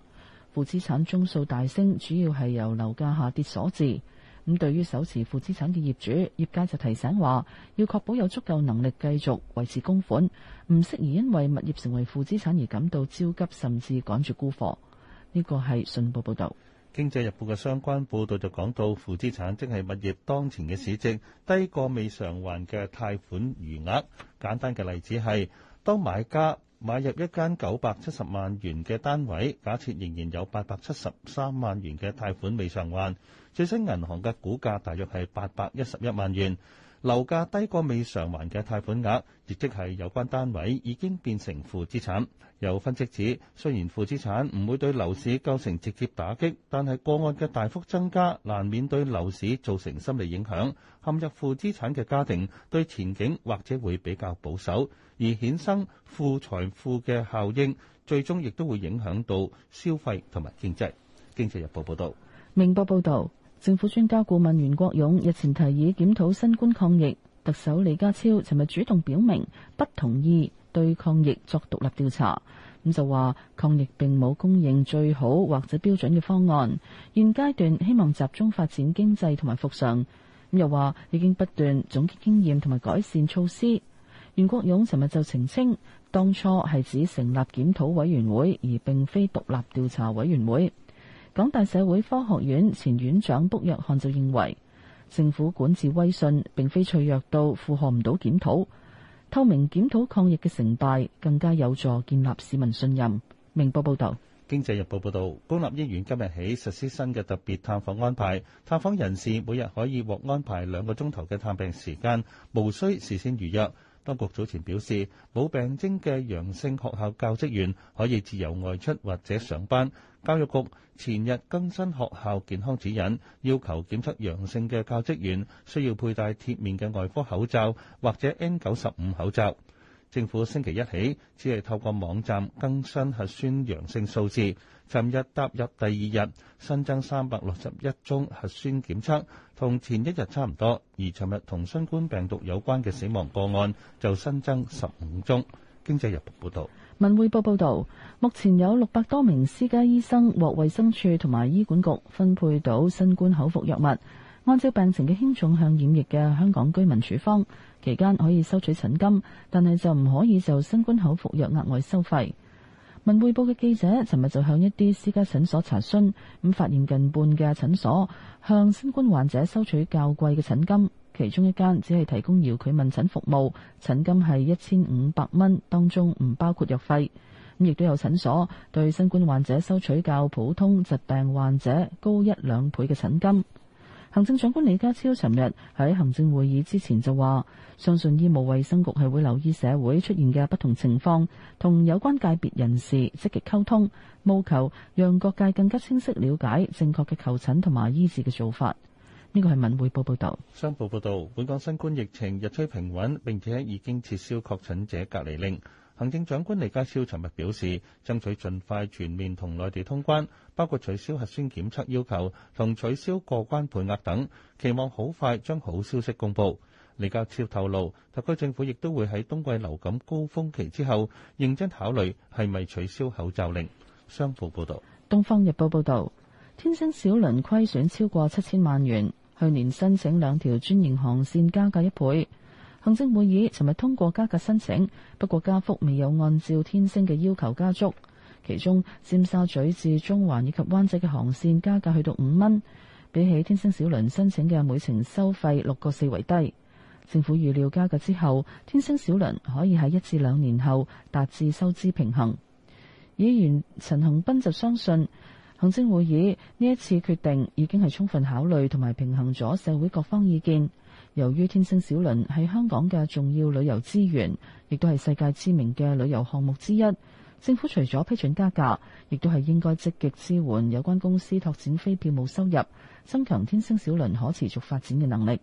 負資產宗數大升，主要係由樓價下跌所致。咁對於手持負資產嘅業主，業界就提醒話，要確保有足夠能力繼續維持供款，唔適宜因為物業成為負資產而感到焦急，甚至趕住沽貨。呢個係信報報導，《經濟日報》嘅相關報導就講到，負資產即係物業當前嘅市值低過未償還嘅貸款餘額。簡單嘅例子係，當買家買入一間九百七十萬元嘅單位，假設仍然有八百七十三萬元嘅貸款未償還。最新銀行嘅估價大約係八百一十一萬元，樓價低過未償還嘅貸款額，亦即係有關單位已經變成負資產。有分析指，雖然負資產唔會對樓市構成直接打擊，但係個案嘅大幅增加難免對樓市造成心理影響。陷入負資產嘅家庭對前景或者會比較保守，而衍生負財富嘅效應，最終亦都會影響到消費同埋經濟。經濟日報報道。明報報道。政府專家顧問袁國勇日前提議檢討新冠抗疫，特首李家超尋日主動表明不同意對抗疫作獨立調查，咁就話抗疫並冇公認最好或者標準嘅方案，現階段希望集中發展經濟同埋復常。咁又話已經不斷總結經驗同埋改善措施。袁國勇尋日就澄清，當初係指成立檢討委員會，而並非獨立調查委員會。港大社會科學院前院長卜約翰就認為，政府管治威信並非脆弱到負荷唔到檢討，透明檢討抗疫嘅成敗，更加有助建立市民信任。明報報導，《經濟日報》報導，公立醫院今日起實施新嘅特別探訪安排，探訪人士每日可以獲安排兩個鐘頭嘅探病時間，無需事先預約。當局早前表示，冇病徵嘅陽性學校教職員可以自由外出或者上班。教育局前日更新學校健康指引，要求檢測陽性嘅教職員需要佩戴貼面嘅外科口罩或者 N 九十五口罩。政府星期一起只係透過網站更新核酸陽性數字。尋日踏入第二日，新增三百六十一宗核酸檢測，同前一日差唔多。而尋日同新冠病毒有關嘅死亡個案就新增十五宗。經濟日報報道。文匯報報道，目前有六百多名私家醫生獲衛生署同埋醫管局分配到新冠口服藥物，按照病情嘅輕重向染疫嘅香港居民處方，期間可以收取診金，但係就唔可以就新冠口服藥額外收費。文匯報嘅記者尋日就向一啲私家診所查詢，咁發現近半嘅診所向新冠患者收取較貴嘅診金。其中一間只係提供遙距問診服務，診金係一千五百蚊，當中唔包括藥費。咁亦都有診所對新冠患者收取較普通疾病患者高一兩倍嘅診金。行政長官李家超尋日喺行政會議之前就話，相信醫務衛生局係會留意社會出現嘅不同情況，同有關界別人士積極溝通，務求讓各界更加清晰了解正確嘅求診同埋醫治嘅做法。呢個係文匯報報導。商報報導，本港新冠疫情日趨平穩，並且已經撤銷確診者隔離令。行政長官李家超尋日表示，爭取盡快全面同內地通關，包括取消核酸檢測要求同取消過關配額等，期望好快將好消息公佈。李家超透露，特區政府亦都會喺冬季流感高峰期之後，認真考慮係咪取消口罩令。商報報道。《東方日報》報導，天星小輪虧損超過七千萬元。去年申請兩條專營航線加價一倍，行政會議尋日通過加價申請，不過加幅未有按照天星嘅要求加足。其中尖沙咀至中環以及灣仔嘅航線加價去到五蚊，比起天星小輪申請嘅每程收費六個四為低。政府預料加價之後，天星小輪可以喺一至兩年後達至收支平衡。議員陳恒斌就相信。行政會議呢一次決定已經係充分考慮同埋平衡咗社會各方意見。由於天星小輪係香港嘅重要旅遊資源，亦都係世界知名嘅旅遊項目之一，政府除咗批准加價，亦都係應該積極支援有關公司拓展非票務收入，增強天星小輪可持續發展嘅能力。《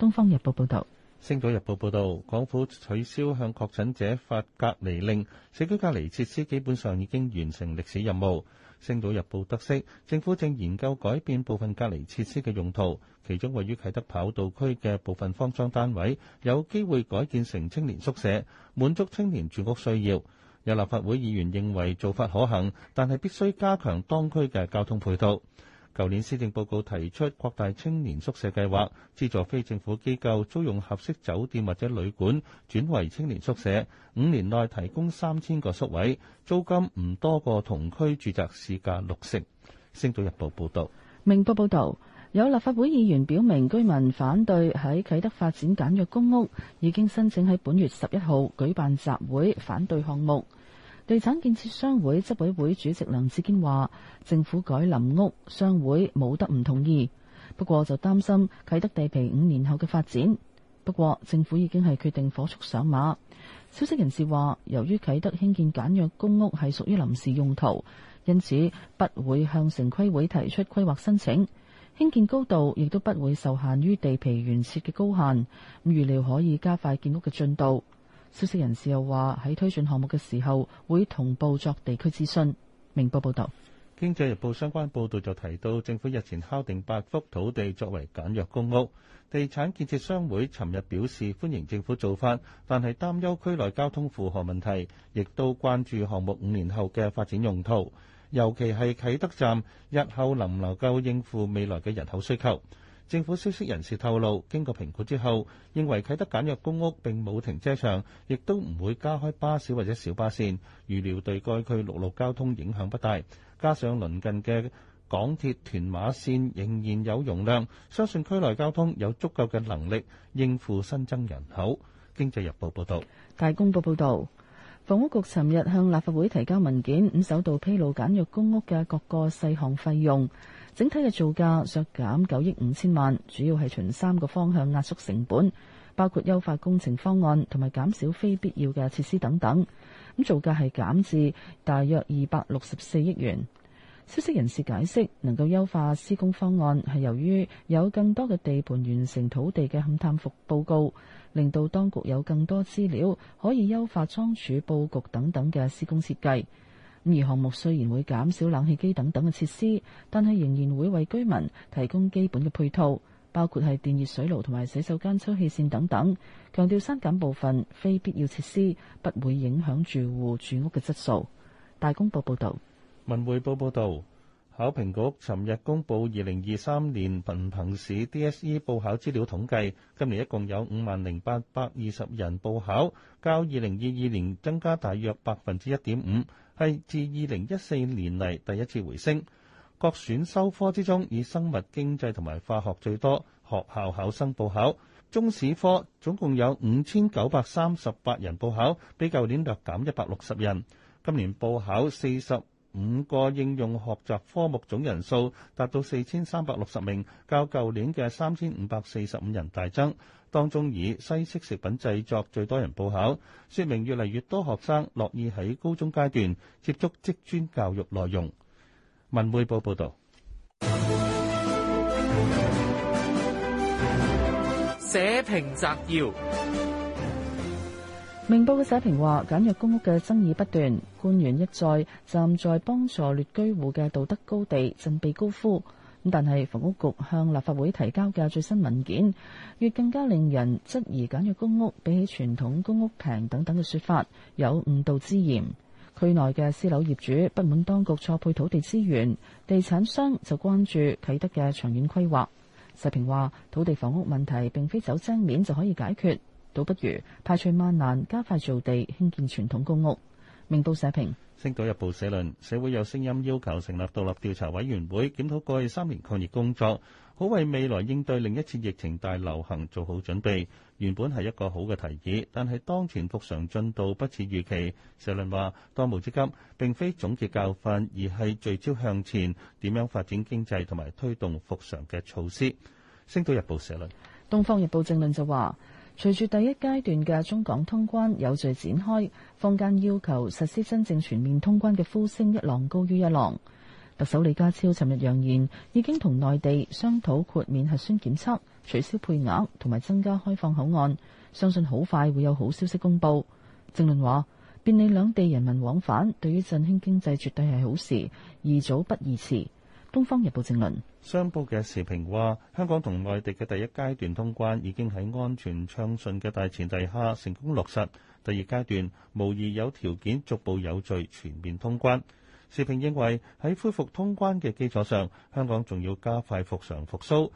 東方日報》報道，《星島日報》報道，港府取消向確診者發隔離令，社區隔離設施基本上已經完成歷史任務。《星島日報》得悉，政府正研究改變部分隔離設施嘅用途，其中位於啟德跑道區嘅部分方艙單位，有機會改建成青年宿舍，滿足青年住屋需要。有立法會議員認為做法可行，但係必須加強當區嘅交通配套。舊年施政報告提出擴大青年宿舍計劃，資助非政府機構租用合適酒店或者旅館轉為青年宿舍，五年內提供三千個宿位，租金唔多過同區住宅市價六成。星島日報報道。明報報道，有立法會議員表明居民反對喺啟德發展簡約公屋，已經申請喺本月十一號舉辦集會反對項目。地產建設商會執委會主席梁志堅話，政府改臨屋商會冇得唔同意，不過就擔心啟德地皮五年後嘅發展。不過政府已經係決定火速上馬。消息人士話，由於啟德興建簡約公屋係屬於臨時用途，因此不會向城規會提出規劃申請，興建高度亦都不會受限於地皮原設嘅高限，咁預料可以加快建屋嘅進度。消息人士又話，喺推進項目嘅時候，會同步作地區諮詢。明報報道。《經濟日報》相關報導就提到，政府日前敲定八幅土地作為簡約公屋。地產建設商會尋日表示歡迎政府做法，但係擔憂區內交通負荷問題，亦都關注項目五年後嘅發展用途，尤其係啟德站，日後能唔能夠應付未來嘅人口需求。政府消息人士透露，經過評估之後，認為啟德簡約公屋並冇停車場，亦都唔會加開巴士或者小巴綫，預料對該區陸路交通影響不大。加上鄰近嘅港鐵屯馬綫仍然有容量，相信區內交通有足夠嘅能力應付新增人口。經濟日報報道。大公報報道，房屋局尋日向立法會提交文件，五首度披露簡約公屋嘅各個細項費用。整體嘅造價削減九億五千萬，主要係循三個方向壓縮成本，包括優化工程方案同埋減少非必要嘅設施等等。咁造價係減至大約二百六十四億元。消息人士解釋，能夠優化施工方案係由於有更多嘅地盤完成土地嘅勘探服報告，令到當局有更多資料可以優化倉儲佈局等等嘅施工設計。而項目雖然會減少冷氣機等等嘅設施，但係仍然會為居民提供基本嘅配套，包括係電熱水爐同埋洗手間抽氣扇等等。強調刪減部分非必要設施，不會影響住戶住屋嘅質素。大公報報道，文匯報報道，考評局尋日公布二零二三年文憑試 DSE 報考資料統計，今年一共有五萬零八百二十人報考，較二零二二年增加大約百分之一點五。係自二零一四年嚟第一次回升。各選修科之中，以生物、經濟同埋化學最多。學校考生報考，中史科總共有五千九百三十八人報考，比舊年略減一百六十人。今年報考四十五個應用學習科目總人數達到四千三百六十名，較舊年嘅三千五百四十五人大增。當中以西式食品製作最多人報考，說明越嚟越多學生樂意喺高中階段接觸職專教育內容。文匯報報道。社評摘要。明報嘅社評話，簡約公屋嘅爭議不斷，官員一再站在幫助劣居戶嘅道德高地，振臂高呼。咁但係房屋局向立法會提交嘅最新文件，越更加令人質疑簡約公屋比起傳統公屋平等等嘅說法，有誤導之嫌。區內嘅私樓業主不滿當局錯配土地資源，地產商就關注啟德嘅長遠規劃。社評話，土地房屋問題並非走正面就可以解決。倒不如排除萬難，加快造地興建傳統公屋。明報社評，《星島日報》社論：社會有聲音要求成立獨立調查委員會，檢討過去三年抗疫工作，好為未來應對另一次疫情大流行做好準備。原本係一個好嘅提議，但係當前復常進度不似預期。社論話：當務之急並非總結教訓，而係聚焦向前點樣發展經濟同埋推動復常嘅措施。《星島日報》社論，《東方日報》正論就話。隨住第一階段嘅中港通關有序展開，坊間要求實施真正全面通關嘅呼聲一浪高於一浪。特首李家超尋日揚言，已經同內地商討豁免核酸檢測、取消配額同埋增加開放口岸，相信好快會有好消息公布。政論話，便利兩地人民往返，對於振興經濟絕對係好事，宜早不宜遲。東方日報正論，商報嘅時評話，香港同內地嘅第一階段通關已經喺安全暢順嘅大前提下成功落實，第二階段無疑有條件逐步有序全面通關。時評認為喺恢復通關嘅基礎上，香港仲要加快復常復蘇，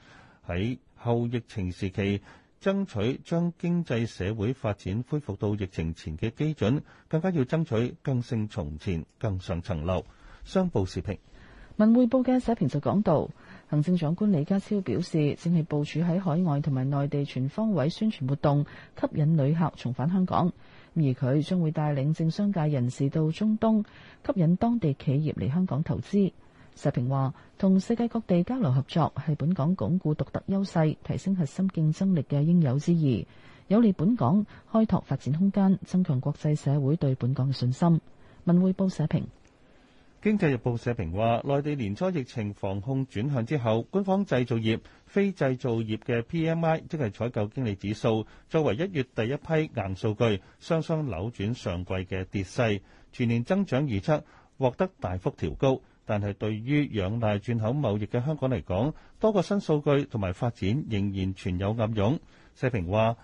喺後疫情時期爭取將經濟社會發展恢復到疫情前嘅基準，更加要爭取更勝從前、更上層樓。商報時評。文匯報嘅社評就講到，行政長官李家超表示，正係部署喺海外同埋內地全方位宣傳活動，吸引旅客重返香港。而佢將會帶領政商界人士到中東，吸引當地企業嚟香港投資。社評話：同世界各地交流合作係本港鞏固獨特優勢、提升核心競爭力嘅應有之義，有利本港開拓發展空間，增強國際社會對本港嘅信心。文匯報社評。經濟日報社評話，內地年初疫情防控轉向之後，官方製造業、非製造業嘅 PMI，即係採購經理指數，作為一月第一批硬數據，雙雙扭轉上季嘅跌勢，全年增長預測獲得大幅調高。但係對於仰賴轉口貿易嘅香港嚟講，多個新數據同埋發展仍然存有暗湧。社評話，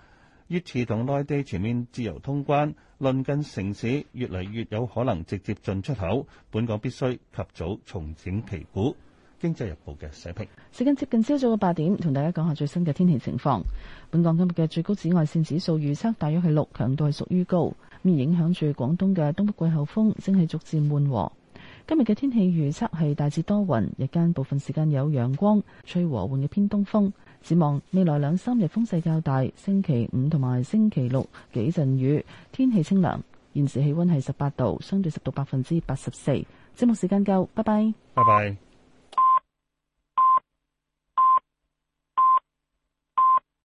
粵字同內地全面自由通關。鄰近城市越嚟越有可能直接進出口，本港必須及早重整旗鼓。經濟日報嘅社評。時間接近朝早嘅八點，同大家講下最新嘅天氣情況。本港今日嘅最高紫外線指數預測大約係六，強度係屬於高。咁而影響住廣東嘅東北季候風正係逐漸緩和。今日嘅天氣預測係大致多雲，日間部分時間有陽光，吹和緩嘅偏東風。展望未來兩三日風勢較大，星期五同埋星期六幾陣雨，天氣清涼。現時氣溫係十八度，相對濕度百分之八十四。節目時間夠，拜拜。拜拜。